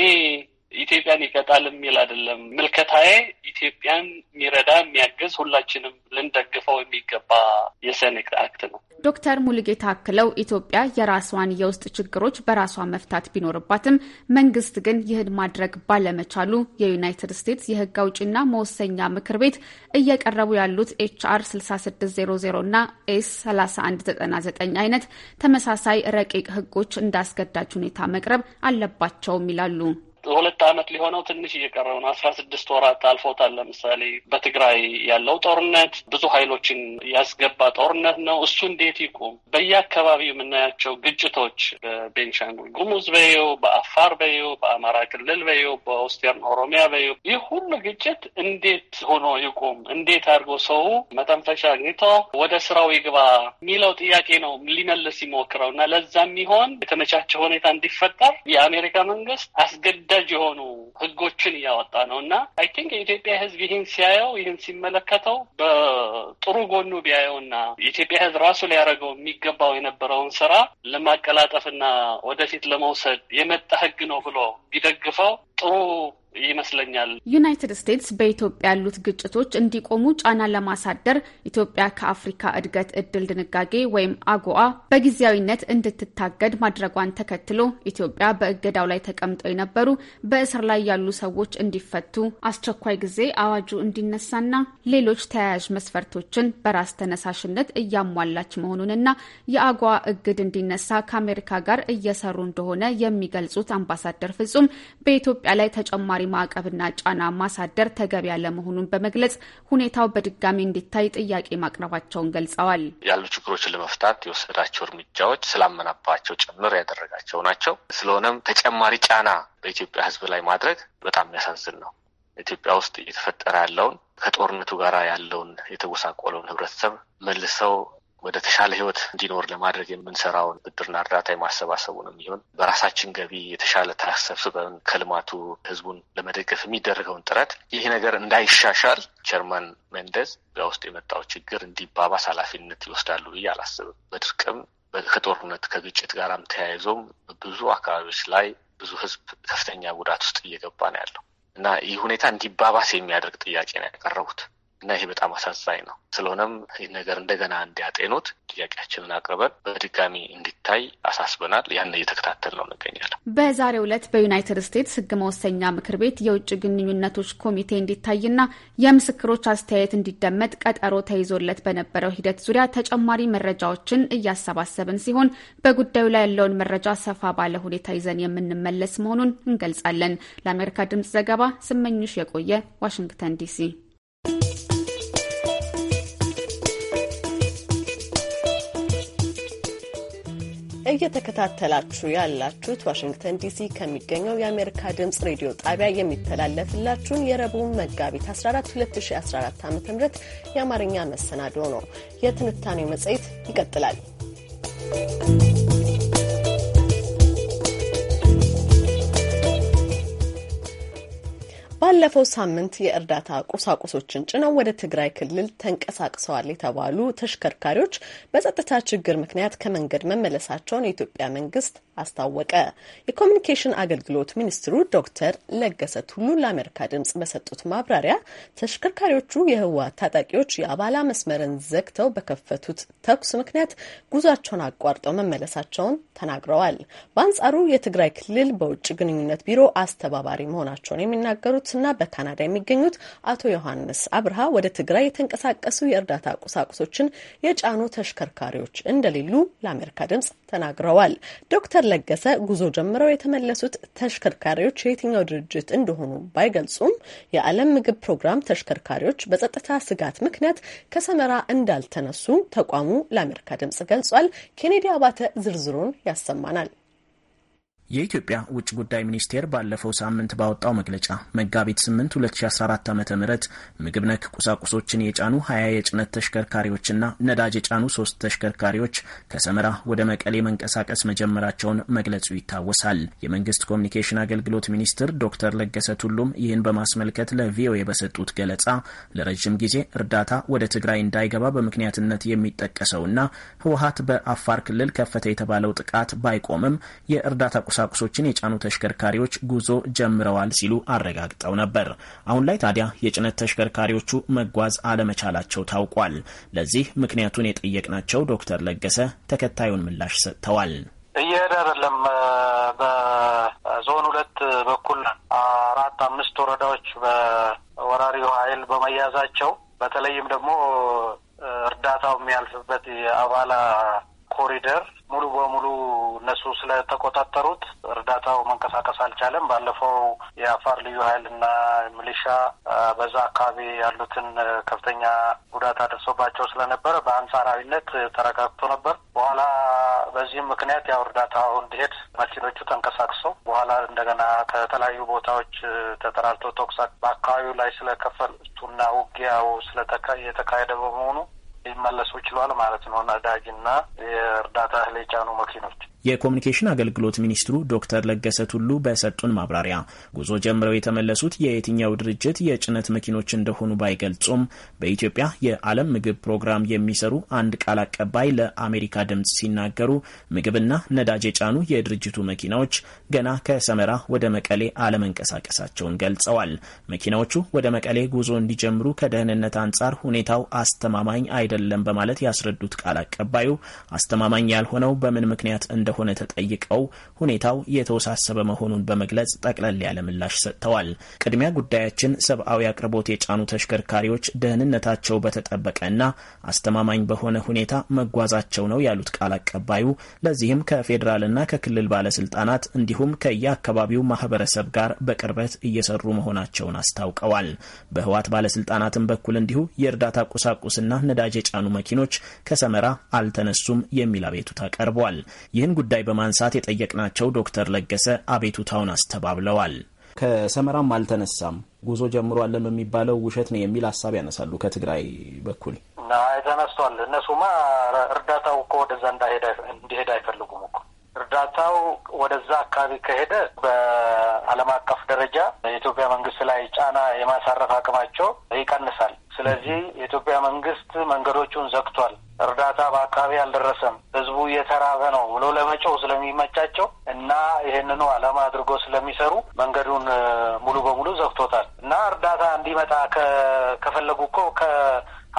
ኢትዮጵያን ይቀጣል የሚል አይደለም ምልከታዬ። ኢትዮጵያን የሚረዳ የሚያግዝ ሁላችንም ልንደግፈው የሚገባ የሰነድ አክት ነው። ዶክተር ሙሉጌታ አክለው ኢትዮጵያ የራሷን የውስጥ ችግሮች በራሷ መፍታት ቢኖርባትም መንግስት ግን ይህን ማድረግ ባለመቻሉ የዩናይትድ ስቴትስ የህግ አውጪና መወሰኛ ምክር ቤት እየቀረቡ ያሉት ኤችአር 6600 ና ኤስ 3199 አይነት ተመሳሳይ ረቂቅ ህጎች እንዳስገዳጅ ሁኔታ መቅረብ አለባቸውም ይላሉ። ሁለት ዓመት ሊሆነው ትንሽ እየቀረው ነው። አስራ ስድስት ወራት አልፎታል። ለምሳሌ በትግራይ ያለው ጦርነት ብዙ ኃይሎችን ያስገባ ጦርነት ነው። እሱ እንዴት ይቁም? በየአካባቢው የምናያቸው ግጭቶች በቤንሻንጉል ጉሙዝ በየው፣ በአፋር በየው፣ በአማራ ክልል በየው፣ በኦስቴርን ኦሮሚያ በየው፣ ይህ ሁሉ ግጭት እንዴት ሆኖ ይቁም? እንዴት አድርጎ ሰው መተንፈሻ አግኝቶ ወደ ስራው ይግባ የሚለው ጥያቄ ነው ሊመልስ ይሞክረው እና ለዛ የሚሆን የተመቻቸ ሁኔታ እንዲፈጠር የአሜሪካ መንግስት አስገድ ግዳጅ የሆኑ ህጎችን እያወጣ ነው እና አይ ቲንክ የኢትዮጵያ ህዝብ ይህን ሲያየው ይህን ሲመለከተው በጥሩ ጎኑ ቢያየውና የኢትዮጵያ ህዝብ ራሱ ሊያደርገው የሚገባው የነበረውን ስራ ለማቀላጠፍና ወደፊት ለመውሰድ የመጣ ህግ ነው ብሎ ቢደግፈው ጥሩ ይመስለኛል። ዩናይትድ ስቴትስ በኢትዮጵያ ያሉት ግጭቶች እንዲቆሙ ጫና ለማሳደር ኢትዮጵያ ከአፍሪካ እድገት እድል ድንጋጌ ወይም አጎአ በጊዜያዊነት እንድትታገድ ማድረጓን ተከትሎ ኢትዮጵያ በእገዳው ላይ ተቀምጠው የነበሩ በእስር ላይ ያሉ ሰዎች እንዲፈቱ፣ አስቸኳይ ጊዜ አዋጁ እንዲነሳና ሌሎች ተያያዥ መስፈርቶችን በራስ ተነሳሽነት እያሟላች መሆኑንና የአጎአ እግድ እንዲነሳ ከአሜሪካ ጋር እየሰሩ እንደሆነ የሚገልጹት አምባሳደር ፍጹም በኢትዮጵያ ኢትዮጵያ ላይ ተጨማሪ ማዕቀብና ጫና ማሳደር ተገቢ ያለመሆኑን በመግለጽ ሁኔታው በድጋሚ እንዲታይ ጥያቄ ማቅረባቸውን ገልጸዋል። ያሉ ችግሮችን ለመፍታት የወሰዳቸው እርምጃዎች ስላመናባቸው ጭምር ያደረጋቸው ናቸው። ስለሆነም ተጨማሪ ጫና በኢትዮጵያ ሕዝብ ላይ ማድረግ በጣም የሚያሳዝን ነው። ኢትዮጵያ ውስጥ እየተፈጠረ ያለውን ከጦርነቱ ጋር ያለውን የተጎሳቆለውን ህብረተሰብ መልሰው ወደ ተሻለ ህይወት እንዲኖር ለማድረግ የምንሰራውን ብድርና እርዳታ የማሰባሰቡ ነው የሚሆን። በራሳችን ገቢ የተሻለ ታክስ ሰብስበን ከልማቱ ህዝቡን ለመደገፍ የሚደረገውን ጥረት ይህ ነገር እንዳይሻሻል ቸርማን መንደዝ በውስጥ የመጣው ችግር እንዲባባስ ኃላፊነት ይወስዳሉ ብዬ አላስብም። በድርቅም ከጦርነት ከግጭት ጋራም ተያይዞም ብዙ አካባቢዎች ላይ ብዙ ህዝብ ከፍተኛ ጉዳት ውስጥ እየገባ ነው ያለው እና ይህ ሁኔታ እንዲባባስ የሚያደርግ ጥያቄ ነው ያቀረቡት። እና ይሄ በጣም አሳዛኝ ነው። ስለሆነም ይህ ነገር እንደገና እንዲያጤኑት ጥያቄያችንን አቅርበን በድጋሚ እንዲታይ አሳስበናል። ያን እየተከታተል ነው እንገኛለን። በዛሬው ዕለት በዩናይትድ ስቴትስ ሕግ መወሰኛ ምክር ቤት የውጭ ግንኙነቶች ኮሚቴ እንዲታይና የምስክሮች አስተያየት እንዲደመጥ ቀጠሮ ተይዞለት በነበረው ሂደት ዙሪያ ተጨማሪ መረጃዎችን እያሰባሰብን ሲሆን በጉዳዩ ላይ ያለውን መረጃ ሰፋ ባለ ሁኔታ ይዘን የምንመለስ መሆኑን እንገልጻለን። ለአሜሪካ ድምጽ ዘገባ ስመኝሽ የቆየ ዋሽንግተን ዲሲ። እየተከታተላችሁ ያላችሁት ዋሽንግተን ዲሲ ከሚገኘው የአሜሪካ ድምፅ ሬዲዮ ጣቢያ የሚተላለፍላችሁን የረቡዕ መጋቢት 14 2014 ዓ.ም የአማርኛ መሰናዶ ነው። የትንታኔው መጽሔት ይቀጥላል። ባለፈው ሳምንት የእርዳታ ቁሳቁሶችን ጭነው ወደ ትግራይ ክልል ተንቀሳቅሰዋል የተባሉ ተሽከርካሪዎች በጸጥታ ችግር ምክንያት ከመንገድ መመለሳቸውን የኢትዮጵያ መንግስት አስታወቀ። የኮሚኒኬሽን አገልግሎት ሚኒስትሩ ዶክተር ለገሰ ቱሉ ለአሜሪካ ድምጽ በሰጡት ማብራሪያ ተሽከርካሪዎቹ የህወሓት ታጣቂዎች የአባላ መስመርን ዘግተው በከፈቱት ተኩስ ምክንያት ጉዟቸውን አቋርጠው መመለሳቸውን ተናግረዋል። በአንጻሩ የትግራይ ክልል በውጭ ግንኙነት ቢሮ አስተባባሪ መሆናቸውን የሚናገሩት ስቴትስና በካናዳ የሚገኙት አቶ ዮሐንስ አብርሃ ወደ ትግራይ የተንቀሳቀሱ የእርዳታ ቁሳቁሶችን የጫኑ ተሽከርካሪዎች እንደሌሉ ለአሜሪካ ድምጽ ተናግረዋል። ዶክተር ለገሰ ጉዞ ጀምረው የተመለሱት ተሽከርካሪዎች የየትኛው ድርጅት እንደሆኑ ባይገልጹም የዓለም ምግብ ፕሮግራም ተሽከርካሪዎች በጸጥታ ስጋት ምክንያት ከሰመራ እንዳልተነሱ ተቋሙ ለአሜሪካ ድምጽ ገልጿል። ኬኔዲ አባተ ዝርዝሩን ያሰማናል። የኢትዮጵያ ውጭ ጉዳይ ሚኒስቴር ባለፈው ሳምንት ባወጣው መግለጫ መጋቢት 8 2014 ዓ ም ምግብ ነክ ቁሳቁሶችን የጫኑ 20 የጭነት ተሽከርካሪዎችና ነዳጅ የጫኑ ሶስት ተሽከርካሪዎች ከሰመራ ወደ መቀሌ መንቀሳቀስ መጀመራቸውን መግለጹ ይታወሳል። የመንግስት ኮሚኒኬሽን አገልግሎት ሚኒስትር ዶክተር ለገሰ ቱሉም ይህን በማስመልከት ለቪኦኤ በሰጡት ገለጻ ለረዥም ጊዜ እርዳታ ወደ ትግራይ እንዳይገባ በምክንያትነት የሚጠቀሰውና ህወሀት በአፋር ክልል ከፈተ የተባለው ጥቃት ባይቆምም የእርዳታ ቁሳ ቁሳቁሶችን የጫኑ ተሽከርካሪዎች ጉዞ ጀምረዋል ሲሉ አረጋግጠው ነበር። አሁን ላይ ታዲያ የጭነት ተሽከርካሪዎቹ መጓዝ አለመቻላቸው ታውቋል። ለዚህ ምክንያቱን የጠየቅናቸው ዶክተር ለገሰ ተከታዩን ምላሽ ሰጥተዋል። እየሄደ አይደለም። በዞን ሁለት በኩል አራት አምስት ወረዳዎች በወራሪው ኃይል በመያዛቸው በተለይም ደግሞ እርዳታው የሚያልፍበት የአባላ ኮሪደር ሙሉ በሙሉ እነሱ ስለተቆጣጠሩት እርዳታው መንቀሳቀስ አልቻለም። ባለፈው የአፋር ልዩ ኃይልና ሚሊሻ በዛ አካባቢ ያሉትን ከፍተኛ ጉዳት አደርሶባቸው ስለነበረ በአንጻራዊነት ተረጋግቶ ነበር። በኋላ በዚህም ምክንያት ያው እርዳታው እንዲሄድ መኪኖቹ ተንቀሳቅሰው በኋላ እንደገና ከተለያዩ ቦታዎች ተጠራርቶ ተኩስ በአካባቢው ላይ ስለከፈቱና ውጊያው ስለተካ የተካሄደ በመሆኑ ሊመለሱ ችሏል ማለት ነው። ነዳጅና የእርዳታ እህል የጫኑ መኪኖች የኮሚኒኬሽን አገልግሎት ሚኒስትሩ ዶክተር ለገሰ ቱሉ በሰጡን ማብራሪያ ጉዞ ጀምረው የተመለሱት የየትኛው ድርጅት የጭነት መኪኖች እንደሆኑ ባይገልጹም በኢትዮጵያ የዓለም ምግብ ፕሮግራም የሚሰሩ አንድ ቃል አቀባይ ለአሜሪካ ድምፅ ሲናገሩ ምግብና ነዳጅ የጫኑ የድርጅቱ መኪናዎች ገና ከሰመራ ወደ መቀሌ አለመንቀሳቀሳቸውን ገልጸዋል። መኪናዎቹ ወደ መቀሌ ጉዞ እንዲጀምሩ ከደህንነት አንጻር ሁኔታው አስተማማኝ አይደለም በማለት ያስረዱት ቃል አቀባዩ አስተማማኝ ያልሆነው በምን ምክንያት እንደ እንደሆነ ተጠይቀው ሁኔታው የተወሳሰበ መሆኑን በመግለጽ ጠቅለል ያለ ምላሽ ሰጥተዋል። ቅድሚያ ጉዳያችን ሰብአዊ አቅርቦት የጫኑ ተሽከርካሪዎች ደህንነታቸው በተጠበቀና አስተማማኝ በሆነ ሁኔታ መጓዛቸው ነው ያሉት ቃል አቀባዩ፣ ለዚህም ከፌዴራልና ከክልል ባለስልጣናት እንዲሁም ከየአካባቢው ማህበረሰብ ጋር በቅርበት እየሰሩ መሆናቸውን አስታውቀዋል። በህዋት ባለስልጣናትም በኩል እንዲሁ የእርዳታ ቁሳቁስና ነዳጅ የጫኑ መኪኖች ከሰመራ አልተነሱም የሚል አቤቱታ ቀርቧል። ይህን ጉዳይ በማንሳት የጠየቅናቸው ዶክተር ለገሰ አቤቱታውን አስተባብለዋል። ከሰመራም አልተነሳም ጉዞ ጀምሯለን በሚባለው ውሸት ነው የሚል ሀሳብ ያነሳሉ። ከትግራይ በኩል ተነስቷል። እነሱማ እርዳታው እኮ ወደዛ እንዲሄድ አይፈልጉም እኮ እርዳታው ወደዛ አካባቢ ከሄደ በዓለም አቀፍ ደረጃ የኢትዮጵያ መንግስት ላይ ጫና የማሳረፍ አቅማቸው ይቀንሳል። ስለዚህ የኢትዮጵያ መንግስት መንገዶቹን ዘግቷል፣ እርዳታ በአካባቢ አልደረሰም፣ ህዝቡ እየተራበ ነው ብሎ ለመጮው ስለሚመቻቸው እና ይህንኑ ዓላማ አድርጎ ስለሚሰሩ መንገዱን ሙሉ በሙሉ ዘግቶታል እና እርዳታ እንዲመጣ ከፈለጉ እኮ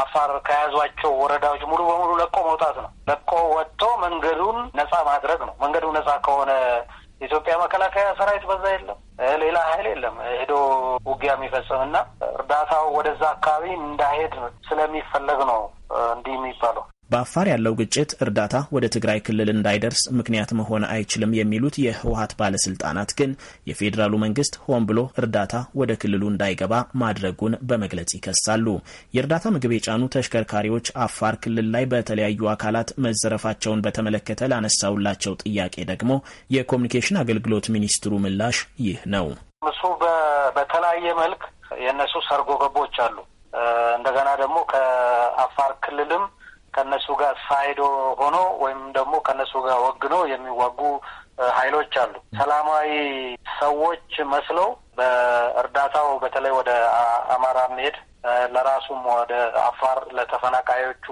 አፋር ከያዟቸው ወረዳዎች ሙሉ በሙሉ ለቆ መውጣት ነው። ለቆ ወጥቶ መንገዱን ነጻ ማድረግ ነው። መንገዱ ነጻ ከሆነ የኢትዮጵያ መከላከያ ሰራዊት በዛ የለም፣ ሌላ ሀይል የለም ሄዶ ውጊያ የሚፈጽምና እርዳታው ወደዛ አካባቢ እንዳሄድ ስለሚፈለግ ነው እንዲህ የሚባለው። በአፋር ያለው ግጭት እርዳታ ወደ ትግራይ ክልል እንዳይደርስ ምክንያት መሆን አይችልም የሚሉት የህወሀት ባለስልጣናት ግን የፌዴራሉ መንግስት ሆን ብሎ እርዳታ ወደ ክልሉ እንዳይገባ ማድረጉን በመግለጽ ይከሳሉ። የእርዳታ ምግብ የጫኑ ተሽከርካሪዎች አፋር ክልል ላይ በተለያዩ አካላት መዘረፋቸውን በተመለከተ ላነሳውላቸው ጥያቄ ደግሞ የኮሚኒኬሽን አገልግሎት ሚኒስትሩ ምላሽ ይህ ነው። እሱ በተለያየ መልክ የእነሱ ሰርጎ ገቦች አሉ። እንደገና ደግሞ ከአፋር ክልልም ከነሱ ጋር ሳይዶ ሆኖ ወይም ደግሞ ከነሱ ጋር ወግኖ የሚዋጉ ኃይሎች አሉ። ሰላማዊ ሰዎች መስለው በእርዳታው በተለይ ወደ አማራ መሄድ ለራሱም ወደ አፋር ለተፈናቃዮቹ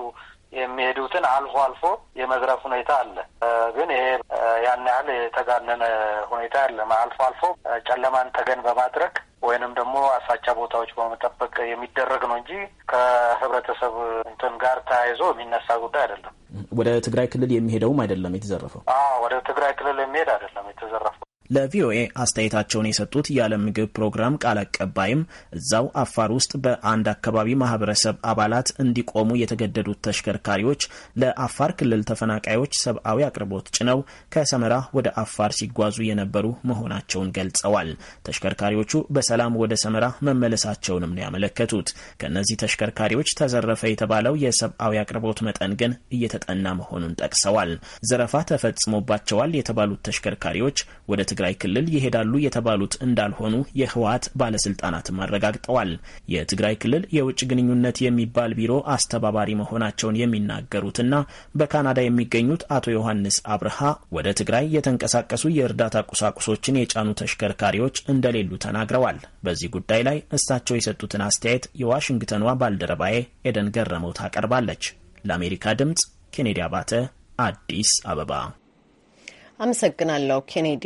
የሚሄዱትን አልፎ አልፎ የመዝረፍ ሁኔታ አለ። ግን ይሄ ያን ያህል የተጋነነ ሁኔታ አለ። አልፎ አልፎ ጨለማን ተገን በማድረግ ወይንም ደግሞ አሳቻ ቦታዎች በመጠበቅ የሚደረግ ነው እንጂ ከህብረተሰብ እንትን ጋር ተያይዞ የሚነሳ ጉዳይ አይደለም። ወደ ትግራይ ክልል የሚሄደውም አይደለም የተዘረፈው። ወደ ትግራይ ክልል የሚሄድ አይደለም የተዘረፈው። ለቪኦኤ አስተያየታቸውን የሰጡት የዓለም ምግብ ፕሮግራም ቃል አቀባይም እዛው አፋር ውስጥ በአንድ አካባቢ ማህበረሰብ አባላት እንዲቆሙ የተገደዱት ተሽከርካሪዎች ለአፋር ክልል ተፈናቃዮች ሰብአዊ አቅርቦት ጭነው ከሰመራ ወደ አፋር ሲጓዙ የነበሩ መሆናቸውን ገልጸዋል። ተሽከርካሪዎቹ በሰላም ወደ ሰመራ መመለሳቸውንም ነው ያመለከቱት። ከእነዚህ ተሽከርካሪዎች ተዘረፈ የተባለው የሰብአዊ አቅርቦት መጠን ግን እየተጠና መሆኑን ጠቅሰዋል። ዘረፋ ተፈጽሞባቸዋል የተባሉት ተሽከርካሪዎች ወደ ትግራይ ክልል ይሄዳሉ የተባሉት እንዳልሆኑ የህወሀት ባለስልጣናትም አረጋግጠዋል። የትግራይ ክልል የውጭ ግንኙነት የሚባል ቢሮ አስተባባሪ መሆናቸውን የሚናገሩትና በካናዳ የሚገኙት አቶ ዮሐንስ አብርሃ ወደ ትግራይ የተንቀሳቀሱ የእርዳታ ቁሳቁሶችን የጫኑ ተሽከርካሪዎች እንደሌሉ ተናግረዋል። በዚህ ጉዳይ ላይ እሳቸው የሰጡትን አስተያየት የዋሽንግተኗ ባልደረባዬ ኤደን ገረመው ታቀርባለች። ለአሜሪካ ድምጽ ኬኔዲ አባተ አዲስ አበባ አመሰግናለሁ ኬኔዲ።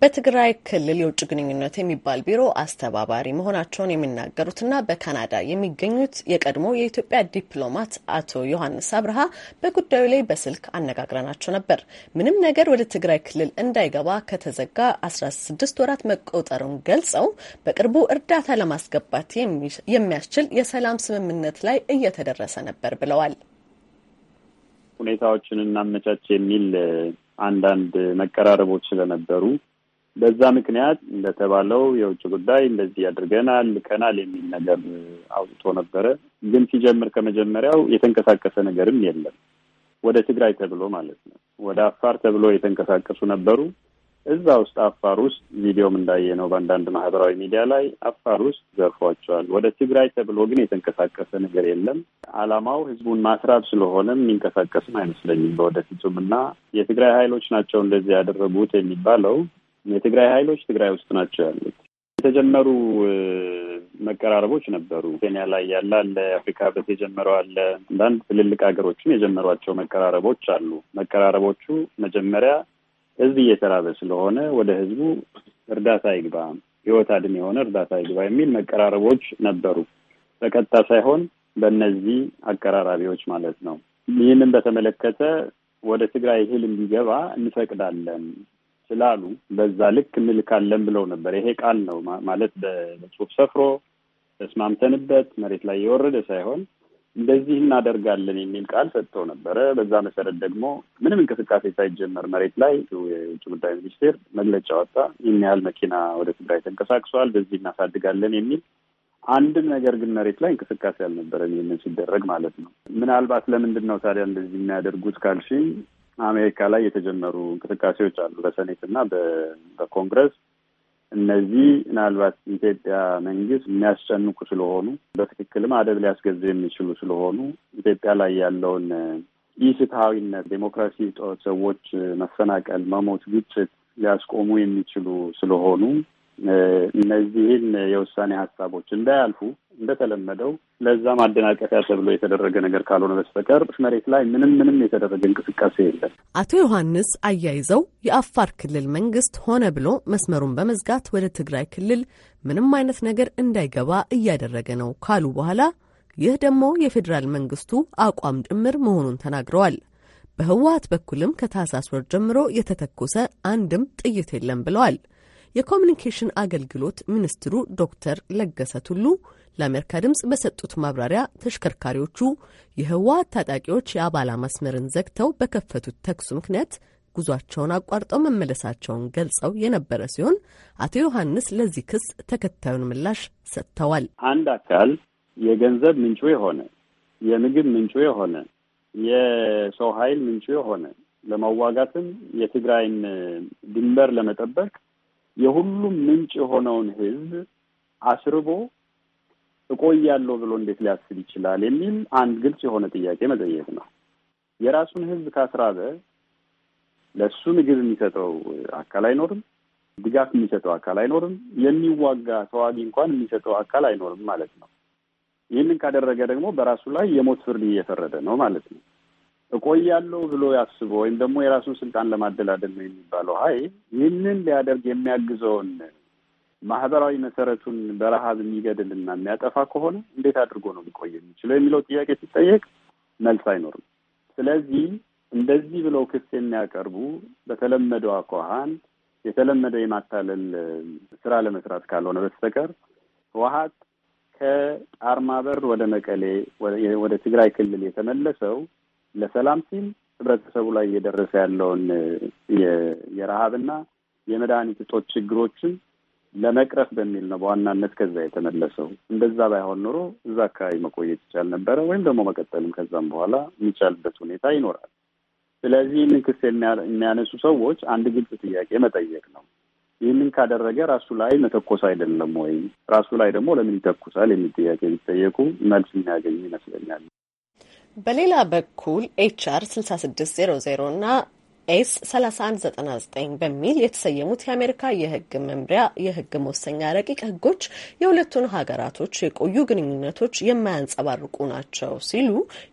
በትግራይ ክልል የውጭ ግንኙነት የሚባል ቢሮ አስተባባሪ መሆናቸውን የሚናገሩትና በካናዳ የሚገኙት የቀድሞ የኢትዮጵያ ዲፕሎማት አቶ ዮሐንስ አብርሃ በጉዳዩ ላይ በስልክ አነጋግረናቸው ነበር። ምንም ነገር ወደ ትግራይ ክልል እንዳይገባ ከተዘጋ 16 ወራት መቆጠሩን ገልጸው በቅርቡ እርዳታ ለማስገባት የሚያስችል የሰላም ስምምነት ላይ እየተደረሰ ነበር ብለዋል። ሁኔታዎችን እናመቻች የሚል አንዳንድ መቀራረቦች ስለነበሩ በዛ ምክንያት እንደተባለው የውጭ ጉዳይ እንደዚህ አድርገናል ልከናል የሚል ነገር አውጥቶ ነበረ። ግን ሲጀምር ከመጀመሪያው የተንቀሳቀሰ ነገርም የለም። ወደ ትግራይ ተብሎ ማለት ነው፣ ወደ አፋር ተብሎ የተንቀሳቀሱ ነበሩ። እዛ ውስጥ አፋር ውስጥ ቪዲዮም እንዳየ ነው በአንዳንድ ማህበራዊ ሚዲያ ላይ አፋር ውስጥ ዘርፏቸዋል። ወደ ትግራይ ተብሎ ግን የተንቀሳቀሰ ነገር የለም። አላማው ህዝቡን ማስራብ ስለሆነ የሚንቀሳቀስም አይመስለኝም በወደፊቱም እና የትግራይ ኃይሎች ናቸው እንደዚህ ያደረጉት የሚባለው የትግራይ ኃይሎች ትግራይ ውስጥ ናቸው ያሉት። የተጀመሩ መቀራረቦች ነበሩ። ኬንያ ላይ ያለ አለ፣ የአፍሪካ ህብረት የጀመረው አለ። አንዳንድ ትልልቅ ሀገሮችም የጀመሯቸው መቀራረቦች አሉ። መቀራረቦቹ መጀመሪያ ህዝብ እየተራበ ስለሆነ ወደ ህዝቡ እርዳታ ይግባ፣ ህይወት አድን የሆነ እርዳታ ይግባ የሚል መቀራረቦች ነበሩ። በቀጥታ ሳይሆን በእነዚህ አቀራራቢዎች ማለት ነው። ይህንን በተመለከተ ወደ ትግራይ እህል እንዲገባ እንፈቅዳለን ስላሉ በዛ ልክ እንልካለን ብለው ነበር። ይሄ ቃል ነው ማለት በጽሁፍ ሰፍሮ ተስማምተንበት መሬት ላይ የወረደ ሳይሆን እንደዚህ እናደርጋለን የሚል ቃል ሰጥተው ነበረ። በዛ መሰረት ደግሞ ምንም እንቅስቃሴ ሳይጀመር መሬት ላይ የውጭ ጉዳይ ሚኒስቴር መግለጫ ወጣ። ይህን ያህል መኪና ወደ ትግራይ ተንቀሳቅሷል፣ በዚህ እናሳድጋለን የሚል አንድም ነገር ግን መሬት ላይ እንቅስቃሴ አልነበረም። ይህንን ሲደረግ ማለት ነው። ምናልባት ለምንድን ነው ታዲያ እንደዚህ የሚያደርጉት ካልሽኝ፣ አሜሪካ ላይ የተጀመሩ እንቅስቃሴዎች አሉ በሰኔት እና በኮንግረስ እነዚህ ምናልባት ኢትዮጵያ መንግስት የሚያስጨንቁ ስለሆኑ በትክክልም አደብ ሊያስገዙ የሚችሉ ስለሆኑ ኢትዮጵያ ላይ ያለውን ኢፍትሐዊነት፣ ዴሞክራሲ እጦት፣ ሰዎች መፈናቀል፣ መሞት፣ ግጭት ሊያስቆሙ የሚችሉ ስለሆኑ እነዚህን የውሳኔ ሀሳቦች እንዳያልፉ እንደተለመደው ለዛ ማደናቀፊያ ተብሎ የተደረገ ነገር ካልሆነ በስተቀር መሬት ላይ ምንም ምንም የተደረገ እንቅስቃሴ የለም። አቶ ዮሐንስ አያይዘው የአፋር ክልል መንግስት ሆነ ብሎ መስመሩን በመዝጋት ወደ ትግራይ ክልል ምንም አይነት ነገር እንዳይገባ እያደረገ ነው ካሉ በኋላ ይህ ደግሞ የፌዴራል መንግስቱ አቋም ጭምር መሆኑን ተናግረዋል። በህወሀት በኩልም ከታህሳስ ወር ጀምሮ የተተኮሰ አንድም ጥይት የለም ብለዋል። የኮሚኒኬሽን አገልግሎት ሚኒስትሩ ዶክተር ለገሰ ቱሉ ለአሜሪካ ድምፅ በሰጡት ማብራሪያ ተሽከርካሪዎቹ የህዋ ታጣቂዎች የአባላ መስመርን ዘግተው በከፈቱት ተኩስ ምክንያት ጉዟቸውን አቋርጠው መመለሳቸውን ገልጸው የነበረ ሲሆን አቶ ዮሐንስ ለዚህ ክስ ተከታዩን ምላሽ ሰጥተዋል። አንድ አካል የገንዘብ ምንጩ የሆነ የምግብ ምንጩ የሆነ የሰው ኃይል ምንጩ የሆነ ለመዋጋትም የትግራይን ድንበር ለመጠበቅ የሁሉም ምንጭ የሆነውን ህዝብ አስርቦ እቆያለሁ ብሎ እንዴት ሊያስብ ይችላል? የሚል አንድ ግልጽ የሆነ ጥያቄ መጠየቅ ነው። የራሱን ህዝብ ካስራበ ለእሱ ምግብ የሚሰጠው አካል አይኖርም፣ ድጋፍ የሚሰጠው አካል አይኖርም፣ የሚዋጋ ተዋጊ እንኳን የሚሰጠው አካል አይኖርም ማለት ነው። ይህንን ካደረገ ደግሞ በራሱ ላይ የሞት ፍርድ እየፈረደ ነው ማለት ነው። እቆያለሁ ብሎ ያስበው ወይም ደግሞ የራሱን ስልጣን ለማደላደል ነው የሚባለው ኃይል ይህንን ሊያደርግ የሚያግዘውን ማህበራዊ መሰረቱን በረሃብ የሚገድልና የሚያጠፋ ከሆነ እንዴት አድርጎ ነው ሊቆይ የሚችለው የሚለው ጥያቄ ሲጠየቅ መልስ አይኖርም። ስለዚህ እንደዚህ ብለው ክስ የሚያቀርቡ በተለመደው አኳኋን የተለመደ የማታለል ስራ ለመስራት ካልሆነ በስተቀር ህወሀት ከጣርማ በር ወደ መቀሌ ወደ ትግራይ ክልል የተመለሰው ለሰላም ሲል ህብረተሰቡ ላይ እየደረሰ ያለውን የረሃብና የመድኃኒት እጦት ችግሮችን ለመቅረፍ በሚል ነው በዋናነት ከዛ የተመለሰው። እንደዛ ባይሆን ኖሮ እዛ አካባቢ መቆየት ይቻል ነበረ፣ ወይም ደግሞ መቀጠልም ከዛም በኋላ የሚቻልበት ሁኔታ ይኖራል። ስለዚህ ይህንን ክስ የሚያነሱ ሰዎች አንድ ግልጽ ጥያቄ መጠየቅ ነው። ይህንን ካደረገ ራሱ ላይ መተኮስ አይደለም ወይም ራሱ ላይ ደግሞ ለምን ይተኩሳል የሚል ጥያቄ የሚጠየቁ መልስ የሚያገኙ ይመስለኛል። በሌላ በኩል ኤችአር 6600 እና ኤስ 3199 በሚል የተሰየሙት የአሜሪካ የህግ መምሪያ የህግ መወሰኛ ረቂቅ ህጎች የሁለቱን ሀገራቶች የቆዩ ግንኙነቶች የማያንጸባርቁ ናቸው ሲሉ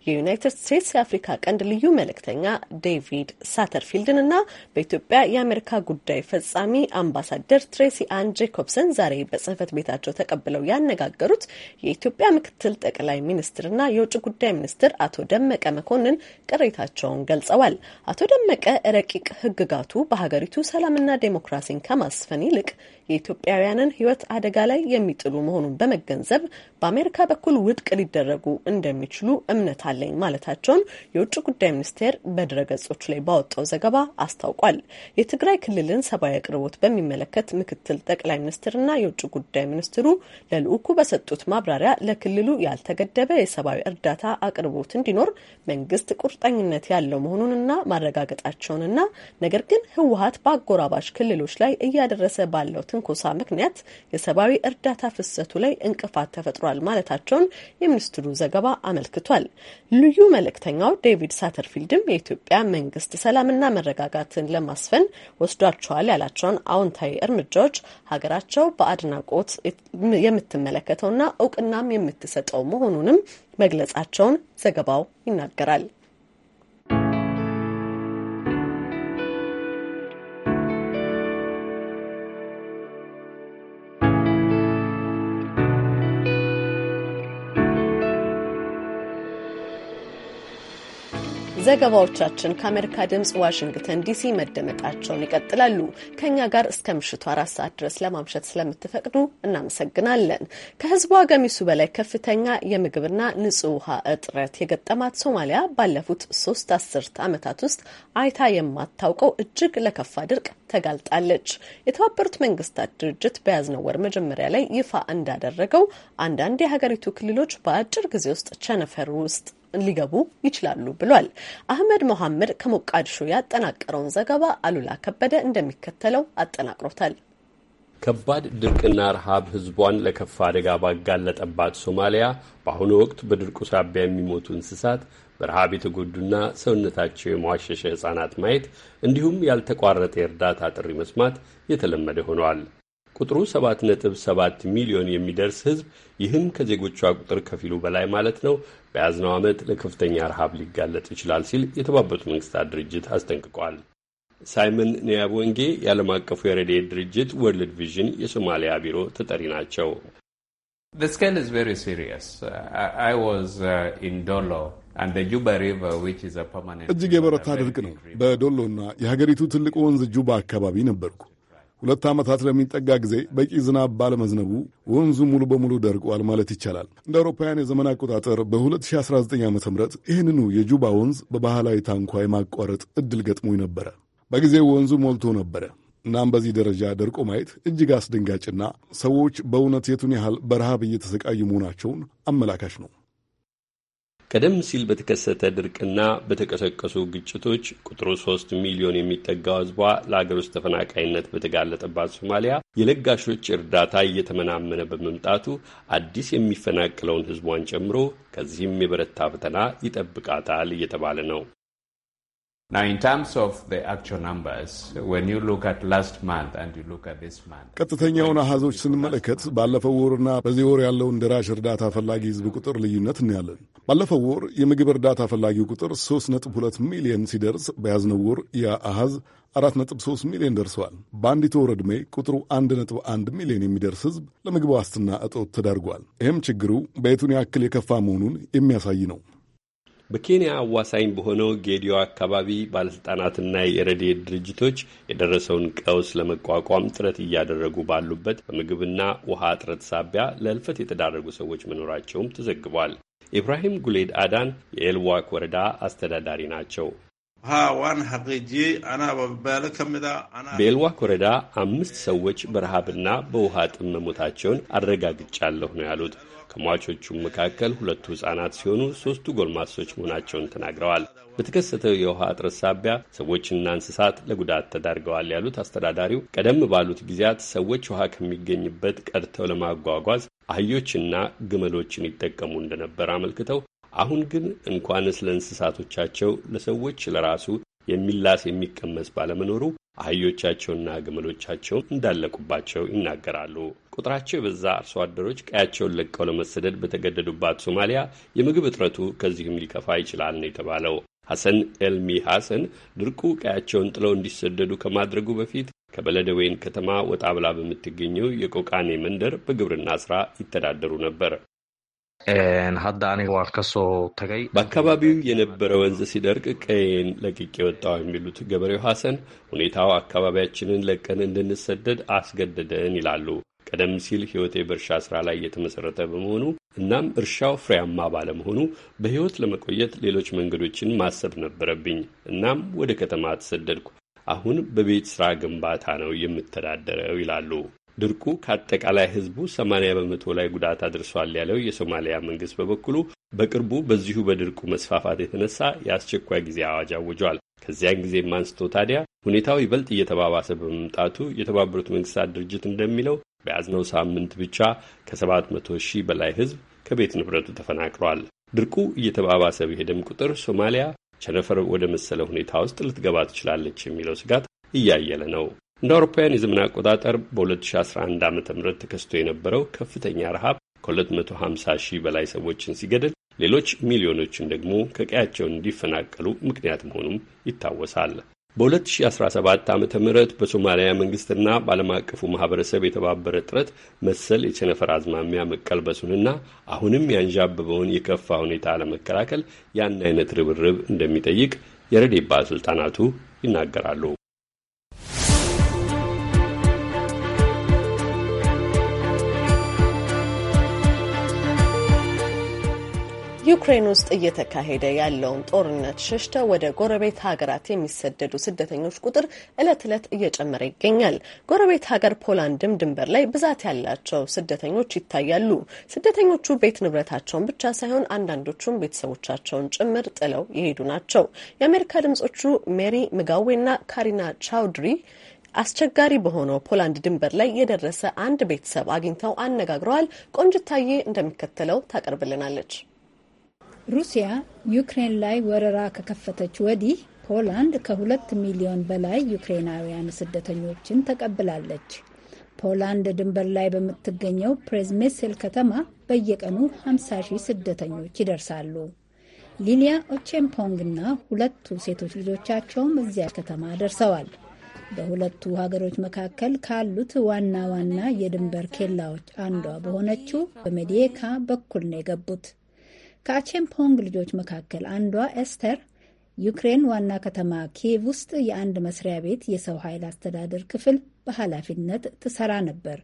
የዩናይትድ ስቴትስ የአፍሪካ ቀንድ ልዩ መልእክተኛ ዴቪድ ሳተርፊልድን እና በኢትዮጵያ የአሜሪካ ጉዳይ ፈጻሚ አምባሳደር ትሬሲ አን ጄኮብሰን ዛሬ በጽህፈት ቤታቸው ተቀብለው ያነጋገሩት የኢትዮጵያ ምክትል ጠቅላይ ሚኒስትርና የውጭ ጉዳይ ሚኒስትር አቶ ደመቀ መኮንን ቅሬታቸውን ገልጸዋል። አቶ ደመቀ ረቂቅ ህግጋቱ በሀገሪቱ ሰላምና ዴሞክራሲን ከማስፈን ይልቅ የኢትዮጵያውያንን ህይወት አደጋ ላይ የሚጥሉ መሆኑን በመገንዘብ በአሜሪካ በኩል ውድቅ ሊደረጉ እንደሚችሉ እምነት አለኝ ማለታቸውን የውጭ ጉዳይ ሚኒስቴር በድረገጾች ላይ ባወጣው ዘገባ አስታውቋል። የትግራይ ክልልን ሰብአዊ አቅርቦት በሚመለከት ምክትል ጠቅላይ ሚኒስትርና የውጭ ጉዳይ ሚኒስትሩ ለልዑኩ በሰጡት ማብራሪያ ለክልሉ ያልተገደበ የሰብአዊ እርዳታ አቅርቦት እንዲኖር መንግስት ቁርጠኝነት ያለው መሆኑንና ማረጋገጣቸው መሆናቸውንና ነገር ግን ህወሀት በአጎራባች ክልሎች ላይ እያደረሰ ባለው ትንኮሳ ምክንያት የሰብአዊ እርዳታ ፍሰቱ ላይ እንቅፋት ተፈጥሯል ማለታቸውን የሚኒስትሩ ዘገባ አመልክቷል። ልዩ መልእክተኛው ዴቪድ ሳተርፊልድም የኢትዮጵያ መንግስት ሰላምና መረጋጋትን ለማስፈን ወስዷቸዋል ያላቸውን አዎንታዊ እርምጃዎች ሀገራቸው በአድናቆት የምትመለከተውና እውቅናም የምትሰጠው መሆኑንም መግለጻቸውን ዘገባው ይናገራል። ዘገባዎቻችን ከአሜሪካ ድምፅ ዋሽንግተን ዲሲ መደመጣቸውን ይቀጥላሉ። ከእኛ ጋር እስከ ምሽቱ አራት ሰዓት ድረስ ለማምሸት ስለምትፈቅዱ እናመሰግናለን። ከህዝቧ ገሚሱ በላይ ከፍተኛ የምግብና ንጹህ ውሃ እጥረት የገጠማት ሶማሊያ ባለፉት ሶስት አስርት ዓመታት ውስጥ አይታ የማታውቀው እጅግ ለከፋ ድርቅ ተጋልጣለች። የተባበሩት መንግስታት ድርጅት በያዝነው ወር መጀመሪያ ላይ ይፋ እንዳደረገው አንዳንድ የሀገሪቱ ክልሎች በአጭር ጊዜ ውስጥ ቸነፈር ውስጥ ሊገቡ ይችላሉ ብሏል። አህመድ መሐመድ ከሞቃዲሾ ያጠናቀረውን ዘገባ አሉላ ከበደ እንደሚከተለው አጠናቅሮታል። ከባድ ድርቅና ረሃብ ህዝቧን ለከፋ አደጋ ባጋለጠባት ሶማሊያ በአሁኑ ወቅት በድርቁ ሳቢያ የሚሞቱ እንስሳት በረሃብ የተጎዱና ሰውነታቸው የሟሸሸ ህጻናት ማየት እንዲሁም ያልተቋረጠ የእርዳታ ጥሪ መስማት የተለመደ ሆኗል። ቁጥሩ 7.7 ሚሊዮን የሚደርስ ህዝብ ይህም ከዜጎቿ ቁጥር ከፊሉ በላይ ማለት ነው በያዝነው ዓመት ለከፍተኛ ረሃብ ሊጋለጥ ይችላል ሲል የተባበሩት መንግስታት ድርጅት አስጠንቅቋል። ሳይመን ኒያቦንጌ የዓለም አቀፉ የረድኤት ድርጅት ወርልድ ቪዥን የሶማሊያ ቢሮ ተጠሪ ናቸው። uh, እጅግ የበረታ ድርቅ ነው። በዶሎና የሀገሪቱ ትልቅ ወንዝ ጁባ አካባቢ ነበርኩ። ሁለት ዓመታት ለሚጠጋ ጊዜ በቂ ዝናብ ባለመዝነቡ ወንዙ ሙሉ በሙሉ ደርቋል ማለት ይቻላል። እንደ አውሮፓውያን የዘመን አቆጣጠር በ2019 ዓ ም ይህንኑ የጁባ ወንዝ በባህላዊ ታንኳ የማቋረጥ እድል ገጥሞኝ ነበረ። በጊዜው ወንዙ ሞልቶ ነበረ። እናም በዚህ ደረጃ ደርቆ ማየት እጅግ አስደንጋጭና ሰዎች በእውነት የቱን ያህል በረሃብ እየተሰቃዩ መሆናቸውን አመላካች ነው። ቀደም ሲል በተከሰተ ድርቅና በተቀሰቀሱ ግጭቶች ቁጥሩ ሶስት ሚሊዮን የሚጠጋው ህዝቧ ለአገር ውስጥ ተፈናቃይነት በተጋለጠባት ሶማሊያ የለጋሾች እርዳታ እየተመናመነ በመምጣቱ አዲስ የሚፈናቅለውን ህዝቧን ጨምሮ ከዚህም የበረታ ፈተና ይጠብቃታል እየተባለ ነው። ቀጥተኛውን አሃዞች ስንመለከት ባለፈው ወርና በዚህ ወር ያለውን ደራሽ እርዳታ ፈላጊ ህዝብ ቁጥር ልዩነት እናያለን። ባለፈው ወር የምግብ እርዳታ ፈላጊው ቁጥር 3.2 ሚሊዮን ሲደርስ በያዝነው ወር የአሃዝ 4.3 ሚሊዮን ደርሰዋል። በአንዲት ወር ዕድሜ ቁጥሩ 1.1 ሚሊዮን የሚደርስ ህዝብ ለምግብ ዋስትና እጦት ተዳርጓል። ይህም ችግሩ በየቱን ያክል የከፋ መሆኑን የሚያሳይ ነው። በኬንያ አዋሳኝ በሆነው ጌዲዮ አካባቢ ባለስልጣናትና የረድኤት ድርጅቶች የደረሰውን ቀውስ ለመቋቋም ጥረት እያደረጉ ባሉበት በምግብና ውሃ እጥረት ሳቢያ ለእልፈት የተዳረጉ ሰዎች መኖራቸውም ተዘግቧል። ኢብራሂም ጉሌድ አዳን የኤልዋክ ወረዳ አስተዳዳሪ ናቸው። በኤልዋክ ወረዳ አምስት ሰዎች በረሃብና በውሃ ጥም መሞታቸውን አረጋግጫለሁ ነው ያሉት። ከሟቾቹም መካከል ሁለቱ ሕፃናት ሲሆኑ ሦስቱ ጎልማሶች መሆናቸውን ተናግረዋል። በተከሰተው የውሃ እጥረት ሳቢያ ሰዎችና እንስሳት ለጉዳት ተዳርገዋል ያሉት አስተዳዳሪው ቀደም ባሉት ጊዜያት ሰዎች ውሃ ከሚገኝበት ቀድተው ለማጓጓዝ አህዮችና ግመሎችን ይጠቀሙ እንደነበር አመልክተው አሁን ግን እንኳንስ ለእንስሳቶቻቸው ለሰዎች ለራሱ የሚላስ የሚቀመስ ባለመኖሩ አህዮቻቸውና ግመሎቻቸው እንዳለቁባቸው ይናገራሉ። ቁጥራቸው የበዛ አርሶ አደሮች ቀያቸውን ለቀው ለመሰደድ በተገደዱባት ሶማሊያ የምግብ እጥረቱ ከዚህም ሊከፋ ይችላል ነው የተባለው። ሐሰን ኤልሚ ሐሰን ድርቁ ቀያቸውን ጥለው እንዲሰደዱ ከማድረጉ በፊት ከበለደወይን ከተማ ወጣ ብላ በምትገኘው የቆቃኔ መንደር በግብርና ሥራ ይተዳደሩ ነበር። በአካባቢው የነበረ ወንዝ ሲደርቅ ቀዬን ለቅቄ ወጣው የሚሉት ገበሬው ሐሰን ሁኔታው አካባቢያችንን ለቀን እንድንሰደድ አስገደደን ይላሉ። ቀደም ሲል ሕይወቴ በእርሻ ሥራ ላይ የተመሠረተ በመሆኑ እናም እርሻው ፍሬያማ ባለመሆኑ በሕይወት ለመቆየት ሌሎች መንገዶችን ማሰብ ነበረብኝ። እናም ወደ ከተማ ተሰደድኩ። አሁን በቤት ሥራ ግንባታ ነው የምተዳደረው ይላሉ። ድርቁ ከአጠቃላይ ህዝቡ 80 በመቶ ላይ ጉዳት አድርሷል ያለው የሶማሊያ መንግስት በበኩሉ በቅርቡ በዚሁ በድርቁ መስፋፋት የተነሳ የአስቸኳይ ጊዜ አዋጅ አውጇል። ከዚያን ጊዜ አንስቶ ታዲያ ሁኔታው ይበልጥ እየተባባሰ በመምጣቱ የተባበሩት መንግስታት ድርጅት እንደሚለው በያዝነው ሳምንት ብቻ ከ700 ሺህ በላይ ህዝብ ከቤት ንብረቱ ተፈናቅሏል። ድርቁ እየተባባሰ በሄደም ቁጥር ሶማሊያ ቸነፈር ወደ መሰለ ሁኔታ ውስጥ ልትገባ ትችላለች የሚለው ስጋት እያየለ ነው። እንደ አውሮፓውያን የዘመን አቆጣጠር በ2011 ዓ ም ተከስቶ የነበረው ከፍተኛ ረሃብ ከ250 ሺህ በላይ ሰዎችን ሲገድል ሌሎች ሚሊዮኖችን ደግሞ ከቀያቸውን እንዲፈናቀሉ ምክንያት መሆኑም ይታወሳል። በ2017 ዓ ም በሶማሊያ መንግስትና በዓለም አቀፉ ማህበረሰብ የተባበረ ጥረት መሰል የቸነፈር አዝማሚያ መቀልበሱንና አሁንም ያንዣብበውን የከፋ ሁኔታ ለመከላከል ያን አይነት ርብርብ እንደሚጠይቅ የረዴ ባለሥልጣናቱ ይናገራሉ። ዩክሬን ውስጥ እየተካሄደ ያለውን ጦርነት ሸሽተው ወደ ጎረቤት ሀገራት የሚሰደዱ ስደተኞች ቁጥር እለት እለት እየጨመረ ይገኛል። ጎረቤት ሀገር ፖላንድም ድንበር ላይ ብዛት ያላቸው ስደተኞች ይታያሉ። ስደተኞቹ ቤት ንብረታቸውን ብቻ ሳይሆን አንዳንዶቹም ቤተሰቦቻቸውን ጭምር ጥለው የሄዱ ናቸው። የአሜሪካ ድምጾቹ ሜሪ ምጋዌና ካሪና ቻውድሪ አስቸጋሪ በሆነው ፖላንድ ድንበር ላይ የደረሰ አንድ ቤተሰብ አግኝተው አነጋግረዋል። ቆንጅታዬ እንደሚከተለው ታቀርብልናለች። ሩሲያ ዩክሬን ላይ ወረራ ከከፈተች ወዲህ ፖላንድ ከሁለት ሚሊዮን በላይ ዩክሬናውያን ስደተኞችን ተቀብላለች። ፖላንድ ድንበር ላይ በምትገኘው ፕሬዝሜሴል ከተማ በየቀኑ 50 ሺህ ስደተኞች ይደርሳሉ። ሊሊያ ኦቼምፖንግ እና ሁለቱ ሴቶች ልጆቻቸውም እዚያ ከተማ ደርሰዋል። በሁለቱ ሀገሮች መካከል ካሉት ዋና ዋና የድንበር ኬላዎች አንዷ በሆነችው በሜዲካ በኩል ነው የገቡት። ከአቼምፖንግ ልጆች መካከል አንዷ ኤስተር ዩክሬን ዋና ከተማ ኪየቭ ውስጥ የአንድ መስሪያ ቤት የሰው ኃይል አስተዳደር ክፍል በኃላፊነት ትሰራ ነበር።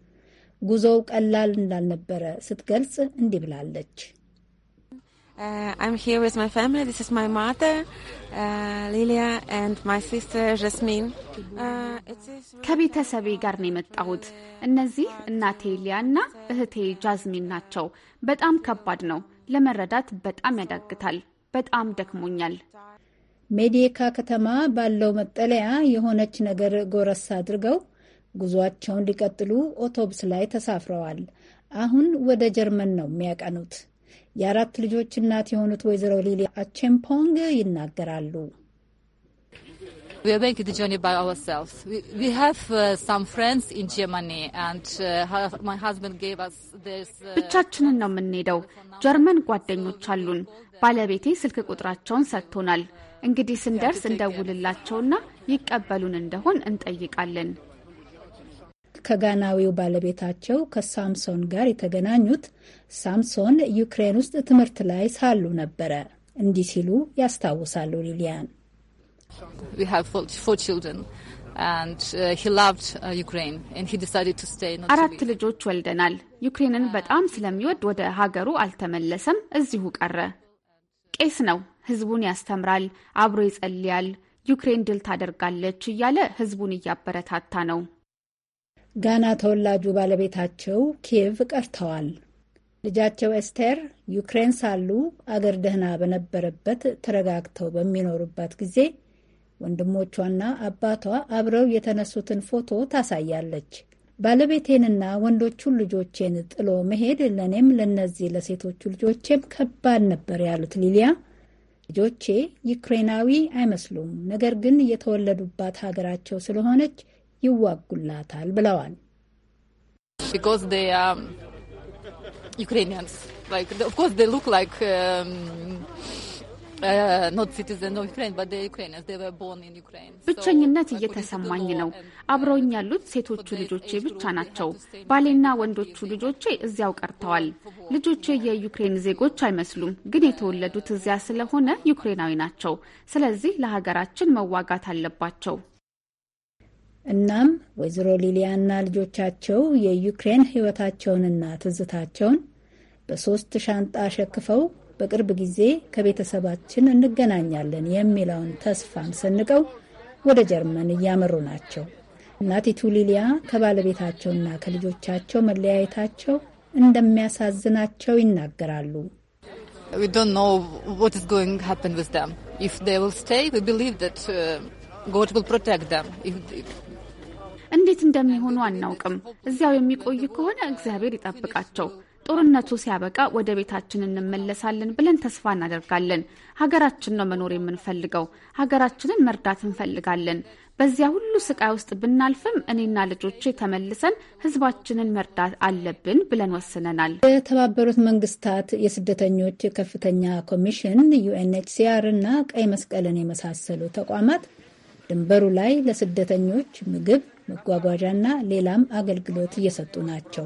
ጉዞው ቀላል እንዳልነበረ ስትገልጽ እንዲህ ብላለች። uh, uh, uh, ከቤተሰቤ ጋር ነው የመጣሁት። እነዚህ እናቴ ሊያ እና እህቴ ጃዝሚን ናቸው። በጣም ከባድ ነው። ለመረዳት በጣም ያዳግታል። በጣም ደክሞኛል። ሜዲካ ከተማ ባለው መጠለያ የሆነች ነገር ጎረስ አድርገው ጉዟቸውን ሊቀጥሉ ኦቶብስ ላይ ተሳፍረዋል። አሁን ወደ ጀርመን ነው የሚያቀኑት። የአራት ልጆች እናት የሆኑት ወይዘሮ ሊሊ አቼምፖንግ ይናገራሉ። We are making the journey by ourselves. We, we have uh, some friends in Germany and uh, my husband gave us this uh, ብቻችንን ነው የምንሄደው። ጀርመን ጓደኞች አሉን። ባለቤቴ ስልክ ቁጥራቸውን ሰጥቶናል። እንግዲህ ስንደርስ እንደውልላቸውና ይቀበሉን እንደሆን እንጠይቃለን። ከጋናዊው ባለቤታቸው ከሳምሶን ጋር የተገናኙት ሳምሶን ዩክሬን ውስጥ ትምህርት ላይ ሳሉ ነበረ። እንዲህ ሲሉ ያስታውሳሉ ሊሊያን አራት ልጆች ወልደናል። ዩክሬንን በጣም ስለሚወድ ወደ ሀገሩ አልተመለሰም፣ እዚሁ ቀረ። ቄስ ነው። ህዝቡን ያስተምራል፣ አብሮ ይጸልያል። ዩክሬን ድል ታደርጋለች እያለ ህዝቡን እያበረታታ ነው። ጋና ተወላጁ ባለቤታቸው ኪየቭ ቀርተዋል። ልጃቸው ኤስቴር ዩክሬን ሳሉ አገር ደህና በነበረበት ተረጋግተው በሚኖሩበት ጊዜ ወንድሞቿና አባቷ አብረው የተነሱትን ፎቶ ታሳያለች። ባለቤቴንና ወንዶቹን ልጆቼን ጥሎ መሄድ ለእኔም ለነዚህ ለሴቶቹ ልጆቼም ከባድ ነበር ያሉት ሊሊያ ልጆቼ ዩክሬናዊ አይመስሉም፣ ነገር ግን የተወለዱባት ሀገራቸው ስለሆነች ይዋጉላታል ብለዋል። ዩክሬኒያንስ ብቸኝነት እየተሰማኝ ነው። አብረውኝ ያሉት ሴቶቹ ልጆቼ ብቻ ናቸው። ባሌና ወንዶቹ ልጆቼ እዚያው ቀርተዋል። ልጆቼ የዩክሬን ዜጎች አይመስሉም፣ ግን የተወለዱት እዚያ ስለሆነ ዩክሬናዊ ናቸው። ስለዚህ ለሀገራችን መዋጋት አለባቸው። እናም ወይዘሮ ሊሊያና ልጆቻቸው የዩክሬን ሕይወታቸውንና ትዝታቸውን በሶስት ሻንጣ ሸክፈው በቅርብ ጊዜ ከቤተሰባችን እንገናኛለን የሚለውን ተስፋም ሰንቀው ወደ ጀርመን እያመሩ ናቸው። እናቲቱ ሊሊያ ከባለቤታቸውና ከልጆቻቸው መለያየታቸው እንደሚያሳዝናቸው ይናገራሉ። uh, እንዴት እንደሚሆኑ አናውቅም። እዚያው የሚቆይ ከሆነ እግዚአብሔር ይጠብቃቸው ጦርነቱ ሲያበቃ ወደ ቤታችን እንመለሳለን ብለን ተስፋ እናደርጋለን። ሀገራችን ነው መኖር የምንፈልገው። ሀገራችንን መርዳት እንፈልጋለን። በዚያ ሁሉ ስቃይ ውስጥ ብናልፍም እኔና ልጆቼ ተመልሰን ህዝባችንን መርዳት አለብን ብለን ወስነናል። የተባበሩት መንግስታት የስደተኞች ከፍተኛ ኮሚሽን ዩኤንኤችሲአር እና ቀይ መስቀልን የመሳሰሉ ተቋማት ድንበሩ ላይ ለስደተኞች ምግብ፣ መጓጓዣና ሌላም አገልግሎት እየሰጡ ናቸው።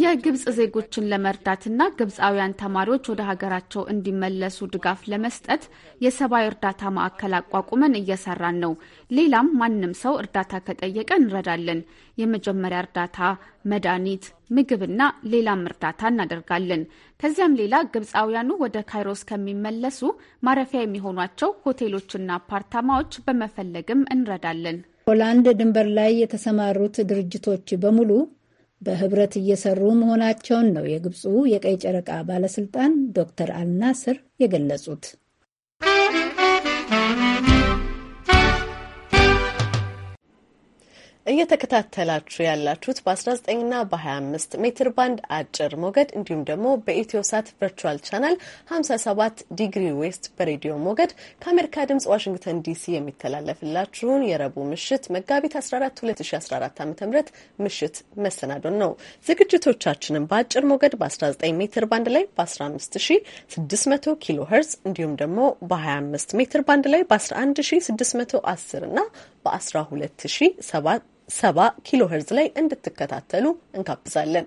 የግብጽ ዜጎችን ለመርዳትና ግብፃውያን ተማሪዎች ወደ ሀገራቸው እንዲመለሱ ድጋፍ ለመስጠት የሰብአዊ እርዳታ ማዕከል አቋቁመን እየሰራን ነው። ሌላም ማንም ሰው እርዳታ ከጠየቀ እንረዳለን። የመጀመሪያ እርዳታ፣ መድኃኒት፣ ምግብና ሌላም እርዳታ እናደርጋለን። ከዚያም ሌላ ግብፃውያኑ ወደ ካይሮስ ከሚመለሱ ማረፊያ የሚሆኗቸው ሆቴሎችና አፓርታማዎች በመፈለግም እንረዳለን። ሆላንድ ድንበር ላይ የተሰማሩት ድርጅቶች በሙሉ በህብረት እየሰሩ መሆናቸውን ነው የግብፁ የቀይ ጨረቃ ባለስልጣን ዶክተር አልናስር የገለጹት። እየተከታተላችሁ ያላችሁት በ19ና በ25 ሜትር ባንድ አጭር ሞገድ እንዲሁም ደግሞ በኢትዮሳት ቨርቹዋል ቻናል 57 ዲግሪ ዌስት በሬዲዮ ሞገድ ከአሜሪካ ድምጽ ዋሽንግተን ዲሲ የሚተላለፍላችሁን የረቡዕ ምሽት መጋቢት 14 2014 ዓ ም ምሽት መሰናዶን ነው። ዝግጅቶቻችንን በአጭር ሞገድ በ19 ሜትር ባንድ ላይ በ15600 ኪሎ ሄርዝ እንዲሁም ደግሞ በ25 ሜትር ባንድ ላይ በ11610 እና በ12007 ሰባ ኪሎ ሄርዝ ላይ እንድትከታተሉ እንጋብዛለን።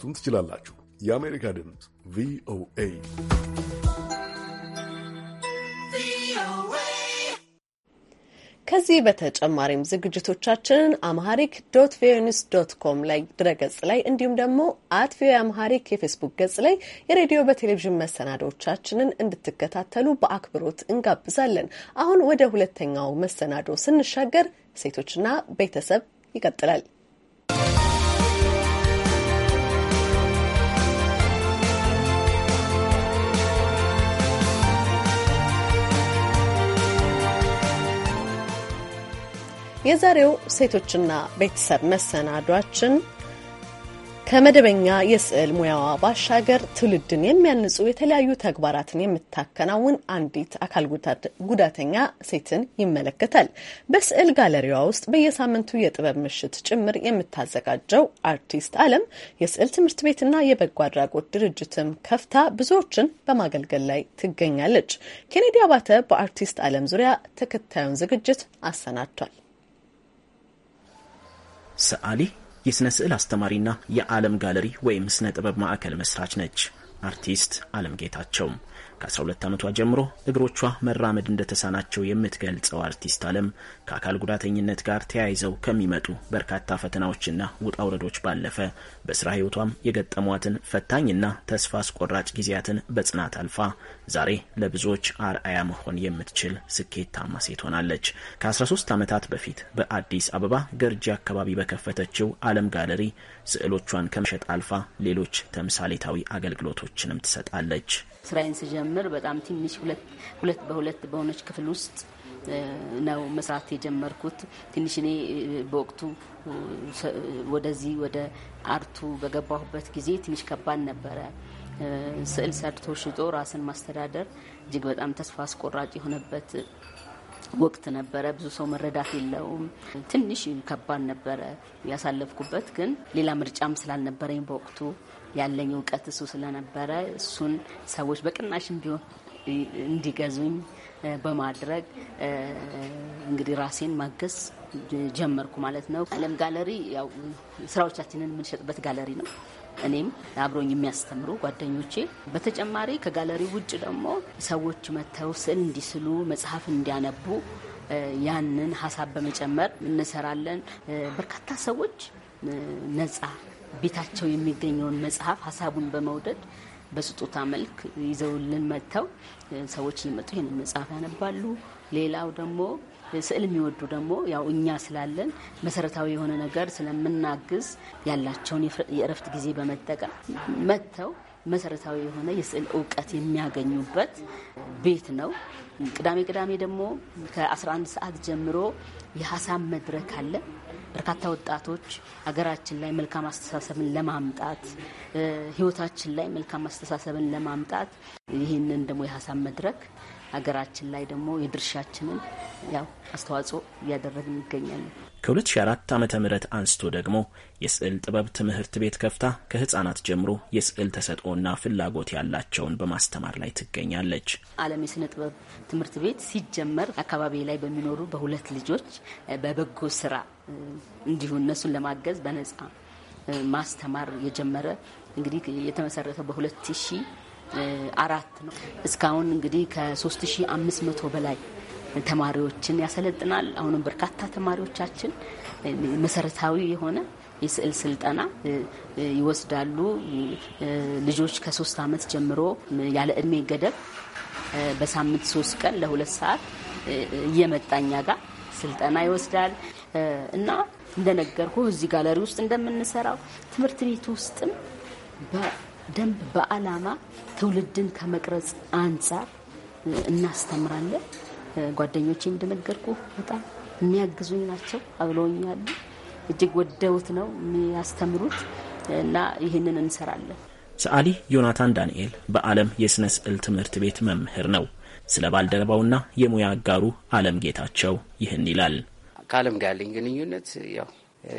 ልታገኙን ትችላላችሁ። የአሜሪካ ድምፅ ቪኦኤ ከዚህ በተጨማሪም ዝግጅቶቻችንን አምሃሪክ ዶት ቪኦኤ ኒውስ ዶት ኮም ላይ ድረገጽ ላይ እንዲሁም ደግሞ አት ቪኦኤ አምሃሪክ የፌስቡክ ገጽ ላይ የሬዲዮ በቴሌቪዥን መሰናዶቻችንን እንድትከታተሉ በአክብሮት እንጋብዛለን። አሁን ወደ ሁለተኛው መሰናዶ ስንሻገር ሴቶችና ቤተሰብ ይቀጥላል። የዛሬው ሴቶችና ቤተሰብ መሰናዷችን ከመደበኛ የስዕል ሙያዋ ባሻገር ትውልድን የሚያንጹ የተለያዩ ተግባራትን የምታከናውን አንዲት አካል ጉዳተኛ ሴትን ይመለከታል። በስዕል ጋለሪዋ ውስጥ በየሳምንቱ የጥበብ ምሽት ጭምር የምታዘጋጀው አርቲስት አለም የስዕል ትምህርት ቤትና የበጎ አድራጎት ድርጅትም ከፍታ ብዙዎችን በማገልገል ላይ ትገኛለች። ኬኔዲ አባተ በአርቲስት አለም ዙሪያ ተከታዩን ዝግጅት አሰናድቷል። ሰዓሊ የሥነ ስዕል አስተማሪና የዓለም ጋለሪ ወይም ስነ ጥበብ ማዕከል መስራች ነች። አርቲስት ዓለም ጌታቸው ከ12 ዓመቷ ጀምሮ እግሮቿ መራመድ እንደተሳናቸው የምትገልጸው አርቲስት አለም ከአካል ጉዳተኝነት ጋር ተያይዘው ከሚመጡ በርካታ ፈተናዎችና ውጣ ውረዶች ባለፈ በስራ ሕይወቷም የገጠሟትን ፈታኝና ተስፋ አስቆራጭ ጊዜያትን በጽናት አልፋ ዛሬ ለብዙዎች አርአያ መሆን የምትችል ስኬታማ ሴት ሆናለች። ከ13 ዓመታት በፊት በአዲስ አበባ ገርጂ አካባቢ በከፈተችው ዓለም ጋለሪ ስዕሎቿን ከመሸጥ አልፋ ሌሎች ተምሳሌታዊ አገልግሎቶችንም ትሰጣለች። ስራዬን ስጀምር በጣም ትንሽ ሁለት በሁለት በሆነች ክፍል ውስጥ ነው መስራት የጀመርኩት። ትንሽ እኔ በወቅቱ ወደዚህ ወደ አርቱ በገባሁበት ጊዜ ትንሽ ከባድ ነበረ። ስዕል ሰርቶ ሽጦ ራስን ማስተዳደር እጅግ በጣም ተስፋ አስቆራጭ የሆነበት ወቅት ነበረ። ብዙ ሰው መረዳት የለውም። ትንሽ ከባድ ነበረ ያሳለፍኩበት። ግን ሌላ ምርጫም ስላልነበረኝ በወቅቱ ያለኝ እውቀት እሱ ስለነበረ እሱን ሰዎች በቅናሽ እንዲሆን እንዲገዙኝ በማድረግ እንግዲህ ራሴን ማገዝ ጀመርኩ ማለት ነው። አለም ጋለሪ ያው ስራዎቻችንን የምንሸጥበት ጋለሪ ነው። እኔም አብሮኝ የሚያስተምሩ ጓደኞቼ፣ በተጨማሪ ከጋለሪ ውጭ ደግሞ ሰዎች መጥተው ስዕል እንዲስሉ መጽሐፍ እንዲያነቡ ያንን ሀሳብ በመጨመር እንሰራለን። በርካታ ሰዎች ነጻ ቤታቸው የሚገኘውን መጽሐፍ ሀሳቡን በመውደድ በስጦታ መልክ ይዘውልን መጥተው ሰዎች እየመጡ ይህንን መጽሐፍ ያነባሉ። ሌላው ደግሞ ስዕል የሚወዱ ደግሞ ያው እኛ ስላለን መሰረታዊ የሆነ ነገር ስለምናግዝ ያላቸውን የእረፍት ጊዜ በመጠቀም መጥተው መሰረታዊ የሆነ የስዕል እውቀት የሚያገኙበት ቤት ነው። ቅዳሜ ቅዳሜ ደግሞ ከ11 ሰዓት ጀምሮ የሀሳብ መድረክ አለ። በርካታ ወጣቶች ሀገራችን ላይ መልካም አስተሳሰብን ለማምጣት ህይወታችን ላይ መልካም አስተሳሰብን ለማምጣት ይህንን ደግሞ የሀሳብ መድረክ ሀገራችን ላይ ደግሞ የድርሻችንን ያው አስተዋጽኦ እያደረግን ይገኛለን። ከ2004 ዓ ም አንስቶ ደግሞ የስዕል ጥበብ ትምህርት ቤት ከፍታ ከህጻናት ጀምሮ የስዕል ተሰጥኦና ፍላጎት ያላቸውን በማስተማር ላይ ትገኛለች። ዓለም የስነ ጥበብ ትምህርት ቤት ሲጀመር አካባቢ ላይ በሚኖሩ በሁለት ልጆች በበጎ ስራ እንዲሁ እነሱን ለማገዝ በነጻ ማስተማር የጀመረ እንግዲህ የተመሰረተው በ2000 አራት ነው። እስካሁን እንግዲህ ከ3500 በላይ ተማሪዎችን ያሰለጥናል። አሁንም በርካታ ተማሪዎቻችን መሰረታዊ የሆነ የስዕል ስልጠና ይወስዳሉ። ልጆች ከሶስት አመት ጀምሮ ያለ እድሜ ገደብ በሳምንት ሶስት ቀን ለሁለት ሰዓት እየመጣኛ ጋር ስልጠና ይወስዳል እና እንደነገርኩ እዚህ ጋለሪ ውስጥ እንደምንሰራው ትምህርት ቤት ውስጥም ደንብ በዓላማ ትውልድን ከመቅረጽ አንጻር እናስተምራለን። ጓደኞቼ እንደነገርኩ በጣም የሚያግዙኝ ናቸው፣ አብለውኛሉ። እጅግ ወደውት ነው የሚያስተምሩት እና ይህንን እንሰራለን። ሰዓሊ ዮናታን ዳንኤል በዓለም የሥነ ስዕል ትምህርት ቤት መምህር ነው። ስለ ባልደረባውና የሙያ አጋሩ አለም ጌታቸው ይህን ይላል። ከአለም ጋር ያለኝ ግንኙነት ያው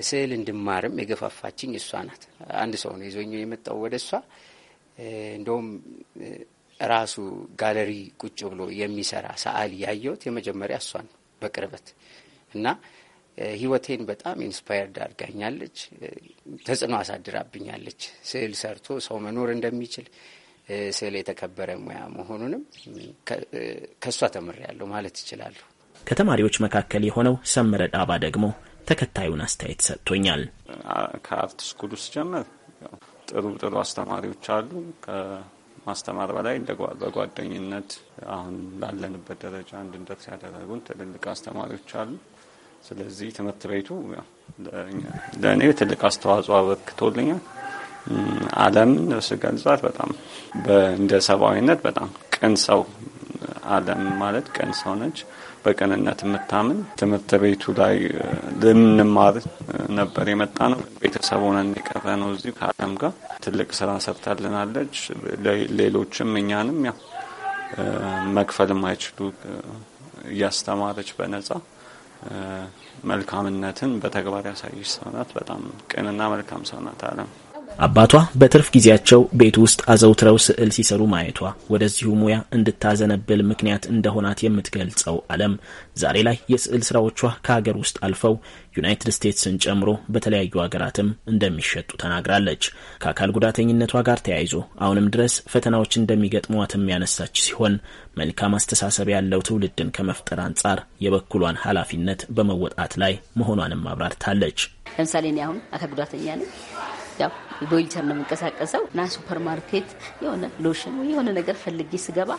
ስዕል እንድማርም የገፋፋችኝ እሷ ናት። አንድ ሰው ነው ይዞኝ የመጣው ወደ እሷ። እንደውም ራሱ ጋለሪ ቁጭ ብሎ የሚሰራ ሰዓሊ ያየሁት የመጀመሪያ እሷን በቅርበት እና ህይወቴን በጣም ኢንስፓየርድ አድርጋኛለች። ተጽዕኖ አሳድራብኛለች። ስዕል ሰርቶ ሰው መኖር እንደሚችል ስዕል የተከበረ ሙያ መሆኑንም ከእሷ ተምሬያለሁ ማለት ይችላሉ። ከተማሪዎች መካከል የሆነው ሰምረ ዳባ ደግሞ ተከታዩን አስተያየት ሰጥቶኛል። ከአርት ስኩሉ ስጀምር ጥሩ ጥሩ አስተማሪዎች አሉ። ከማስተማር በላይ በጓደኝነት አሁን ላለንበት ደረጃ እንድንደርስ ያደረጉን ትልልቅ አስተማሪዎች አሉ። ስለዚህ ትምህርት ቤቱ ለእኔ ትልቅ አስተዋጽኦ አበርክቶልኛል። ዓለምን ስገልጻት በጣም እንደ ሰብአዊነት በጣም ቅን ሰው ዓለም ማለት ቀን ሰው ነች። በቀንነት የምታምን ትምህርት ቤቱ ላይ ልንማር ነበር የመጣ ነው። ቤተሰብ ሆነን የቀረ ነው። እዚሁ ከዓለም ጋር ትልቅ ስራ ሰርታልናለች። ሌሎችም እኛንም ያው መክፈል የማይችሉ እያስተማረች በነጻ መልካምነትን በተግባር ያሳየች ሰው ናት። በጣም ቅንና መልካም ሰው ናት ዓለም። አባቷ በትርፍ ጊዜያቸው ቤት ውስጥ አዘውትረው ስዕል ሲሰሩ ማየቷ ወደዚሁ ሙያ እንድታዘነብል ምክንያት እንደሆናት የምትገልጸው አለም ዛሬ ላይ የስዕል ስራዎቿ ከሀገር ውስጥ አልፈው ዩናይትድ ስቴትስን ጨምሮ በተለያዩ ሀገራትም እንደሚሸጡ ተናግራለች። ከአካል ጉዳተኝነቷ ጋር ተያይዞ አሁንም ድረስ ፈተናዎች እንደሚገጥሟትም ያነሳች ሲሆን መልካም አስተሳሰብ ያለው ትውልድን ከመፍጠር አንጻር የበኩሏን ኃላፊነት በመወጣት ላይ መሆኗንም አብራርታለች። ለምሳሌ እኔ አሁን አካል ጉዳተኛ ነኝ። ያው በዊልቸር ነው የምንቀሳቀሰው እና ሱፐር ማርኬት የሆነ ሎሽን የሆነ ነገር ፈልጌ ስገባ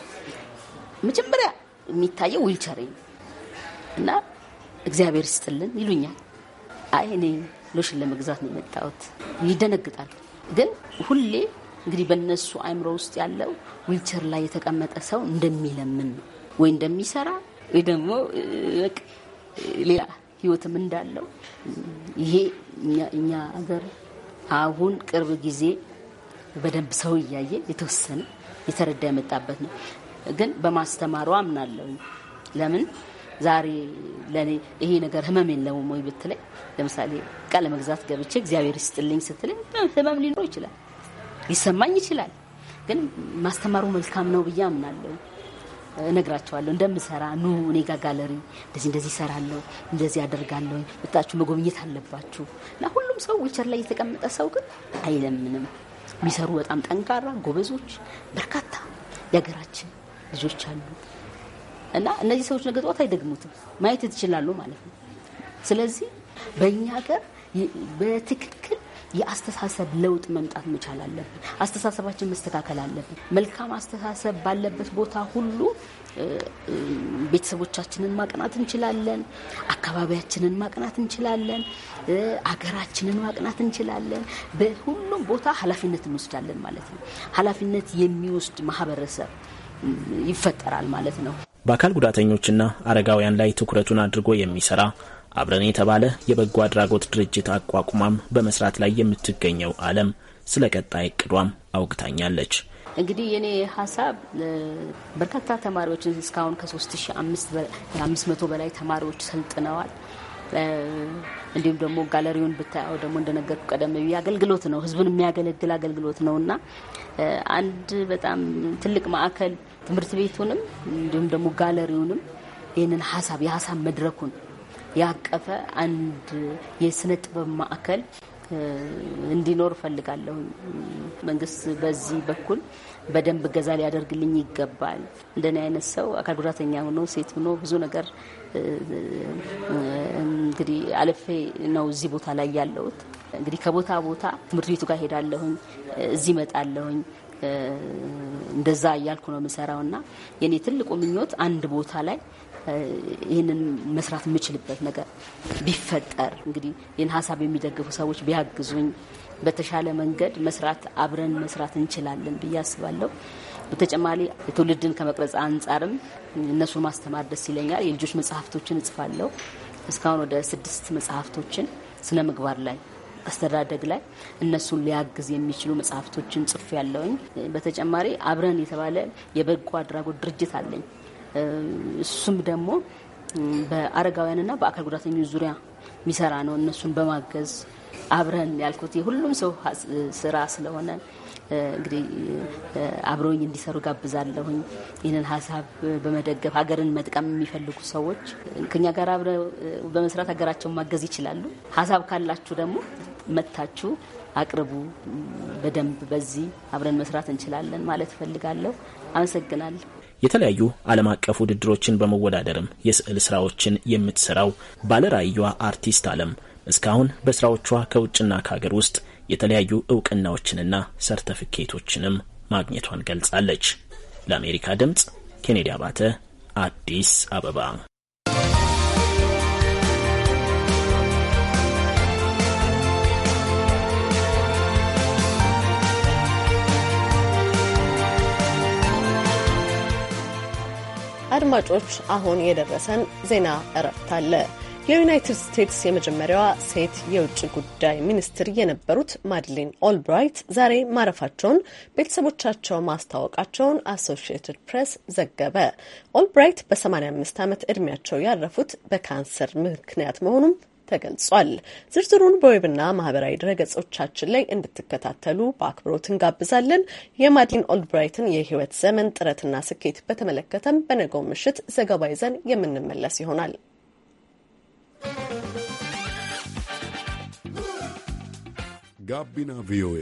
መጀመሪያ የሚታየው ዊልቸር እና እግዚአብሔር ይስጥልን ይሉኛል። አይ እኔ ሎሽን ለመግዛት ነው የመጣሁት። ይደነግጣል። ግን ሁሌ እንግዲህ በነሱ አይምሮ ውስጥ ያለው ዊልቸር ላይ የተቀመጠ ሰው እንደሚለምን ነው ወይ እንደሚሰራ ወይ ደግሞ ሌላ ህይወትም እንዳለው ይሄ እኛ ሀገር አሁን ቅርብ ጊዜ በደንብ ሰው እያየ የተወሰነ የተረዳ የመጣበት ነው። ግን በማስተማሩ አምናለሁ። ለምን ዛሬ ለእኔ ይሄ ነገር ህመም የለውም ወይ ብትለኝ፣ ለምሳሌ እቃ ለመግዛት ገብቼ እግዚአብሔር ይስጥልኝ ስትለኝ ህመም ሊኖር ይችላል፣ ሊሰማኝ ይችላል። ግን ማስተማሩ መልካም ነው ብዬ አምናለሁ። እነግራቸዋለሁ እንደምሰራ ኑ እኔ ጋ ጋለሪ እንደዚህ እንደዚህ ይሰራለሁ እንደዚህ አደርጋለሁ መጣችሁ መጎብኘት አለባችሁ እና ሁሉም ሰው ዊልቸር ላይ የተቀመጠ ሰው ግን አይለምንም። የሚሰሩ በጣም ጠንካራ ጎበዞች በርካታ የሀገራችን ልጆች አሉ እና እነዚህ ሰዎች ነገ ጠዋት አይደግሙትም ማየት ትችላሉ ማለት ነው። ስለዚህ በእኛ ሀገር በትክክል የአስተሳሰብ ለውጥ መምጣት መቻል አለብን። አስተሳሰባችን መስተካከል አለብን። መልካም አስተሳሰብ ባለበት ቦታ ሁሉ ቤተሰቦቻችንን ማቅናት እንችላለን። አካባቢያችንን ማቅናት እንችላለን። አገራችንን ማቅናት እንችላለን። በሁሉም ቦታ ኃላፊነት እንወስዳለን ማለት ነው። ኃላፊነት የሚወስድ ማህበረሰብ ይፈጠራል ማለት ነው። በአካል ጉዳተኞችና አረጋውያን ላይ ትኩረቱን አድርጎ የሚሰራ አብረን የተባለ የበጎ አድራጎት ድርጅት አቋቁማም በመስራት ላይ የምትገኘው አለም ስለ ቀጣይ እቅዷም አውግታኛለች። እንግዲህ የኔ ሀሳብ በርካታ ተማሪዎችን እስካሁን ከ3500 በላይ ተማሪዎች ሰልጥነዋል። እንዲሁም ደግሞ ጋለሪውን ብታየው ደግሞ እንደነገርኩ ቀደም ብዬ አገልግሎት ነው፣ ህዝብን የሚያገለግል አገልግሎት ነው እና አንድ በጣም ትልቅ ማዕከል ትምህርት ቤቱንም እንዲሁም ደግሞ ጋለሪውንም ይህንን ሀሳብ የሀሳብ መድረኩን ያቀፈ አንድ የስነ ጥበብ ማዕከል እንዲኖር ፈልጋለሁ። መንግስት በዚህ በኩል በደንብ ገዛ ሊያደርግልኝ ይገባል። እንደኔ አይነት ሰው አካል ጉዳተኛ ሆኖ ሴት ሆኖ ብዙ ነገር እንግዲህ አልፌ ነው እዚህ ቦታ ላይ ያለሁት። እንግዲህ ከቦታ ቦታ ትምህርት ቤቱ ጋር ሄዳለሁኝ፣ እዚህ እመጣለሁኝ። እንደዛ እያልኩ ነው የምሰራው እና የኔ ትልቁ ምኞት አንድ ቦታ ላይ ይህንን መስራት የምችልበት ነገር ቢፈጠር እንግዲህ ይህን ሀሳብ የሚደግፉ ሰዎች ቢያግዙኝ በተሻለ መንገድ መስራት አብረን መስራት እንችላለን ብዬ አስባለሁ። በተጨማሪ ትውልድን ከመቅረጽ አንጻርም እነሱን ማስተማር ደስ ይለኛል። የልጆች መጽሐፍቶችን እጽፋለሁ። እስካሁን ወደ ስድስት መጽሐፍቶችን ስነ ምግባር ላይ አስተዳደግ ላይ እነሱን ሊያግዝ የሚችሉ መጽሐፍቶችን ጽፍ ያለውኝ። በተጨማሪ አብረን የተባለ የበጎ አድራጎት ድርጅት አለኝ። እሱም ደግሞ በአረጋውያንና በአካል ጉዳተኞች ዙሪያ የሚሰራ ነው። እነሱን በማገዝ አብረን ያልኩት የሁሉም ሰው ስራ ስለሆነ እንግዲህ አብረውኝ እንዲሰሩ ጋብዛለሁኝ። ይህንን ሀሳብ በመደገፍ ሀገርን መጥቀም የሚፈልጉ ሰዎች ከኛ ጋር አብረው በመስራት ሀገራቸውን ማገዝ ይችላሉ። ሀሳብ ካላችሁ ደግሞ መታችሁ አቅርቡ። በደንብ በዚህ አብረን መስራት እንችላለን ማለት እፈልጋለሁ። አመሰግናለሁ። የተለያዩ ዓለም አቀፍ ውድድሮችን በመወዳደርም የስዕል ስራዎችን የምትሰራው ባለራዕይዋ አርቲስት አለም እስካሁን በስራዎቿ ከውጭና ከሀገር ውስጥ የተለያዩ እውቅናዎችንና ሰርተፍኬቶችንም ማግኘቷን ገልጻለች። ለአሜሪካ ድምፅ ኬኔዲ አባተ አዲስ አበባ አድማጮች፣ አሁን የደረሰን ዜና እረፍት አለ። የዩናይትድ ስቴትስ የመጀመሪያዋ ሴት የውጭ ጉዳይ ሚኒስትር የነበሩት ማድሊን ኦልብራይት ዛሬ ማረፋቸውን ቤተሰቦቻቸው ማስታወቃቸውን አሶሺየትድ ፕሬስ ዘገበ። ኦልብራይት በ85 ዓመት ዕድሜያቸው ያረፉት በካንሰር ምክንያት መሆኑም ተገልጿል። ዝርዝሩን በዌብና ማህበራዊ ድረገጾቻችን ላይ እንድትከታተሉ በአክብሮት እንጋብዛለን። የማድሊን ኦልብራይትን የህይወት ዘመን ጥረትና ስኬት በተመለከተም በነገው ምሽት ዘገባ ይዘን የምንመለስ ይሆናል። ጋቢና ቪኦኤ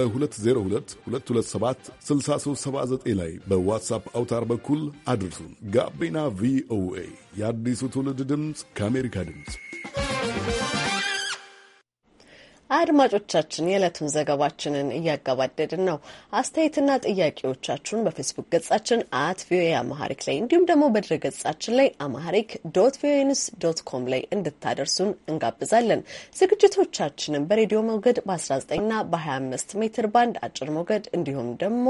በ202 227 6379 ላይ በዋትሳፕ አውታር በኩል አድርሱን። ጋቢና ቪኦኤ የአዲሱ ትውልድ ድምፅ ከአሜሪካ ድምፅ አድማጮቻችን የዕለቱን ዘገባችንን እያገባደድን ነው። አስተያየትና ጥያቄዎቻችሁን በፌስቡክ ገጻችን አት ቪኦኤ አማሐሪክ ላይ እንዲሁም ደግሞ በድረ ገጻችን ላይ አማሐሪክ ዶት ቪኦኤ ኒውስ ዶት ኮም ላይ እንድታደርሱን እንጋብዛለን። ዝግጅቶቻችንን በሬዲዮ ሞገድ በ19ና በ25 ሜትር ባንድ አጭር ሞገድ እንዲሁም ደግሞ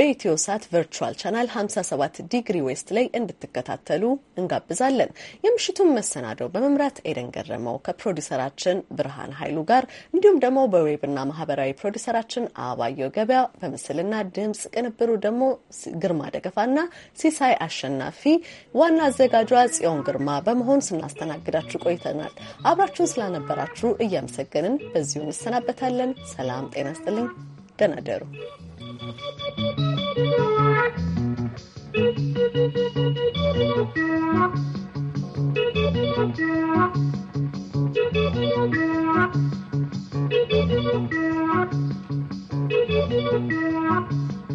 በኢትዮ ሳት ቨርቹዋል ቻናል 57 ዲግሪ ዌስት ላይ እንድትከታተሉ እንጋብዛለን። የምሽቱን መሰናደው በመምራት ኤደን ገረመው ከፕሮዲሰራችን ብርሃን ኃይሉ ጋር እንዲሁም ደግሞ በዌብና ማህበራዊ ፕሮዲሰራችን አበባየሁ ገበያ፣ በምስልና ድምፅ ቅንብሩ ደግሞ ግርማ ደገፋና ሲሳይ አሸናፊ፣ ዋና አዘጋጇ ጽዮን ግርማ በመሆን ስናስተናግዳችሁ ቆይተናል። አብራችሁን ስላነበራችሁ እያመሰገንን በዚሁ እንሰናበታለን። ሰላም ጤና ስጥልኝ። ደህና ደሩ። Thank you.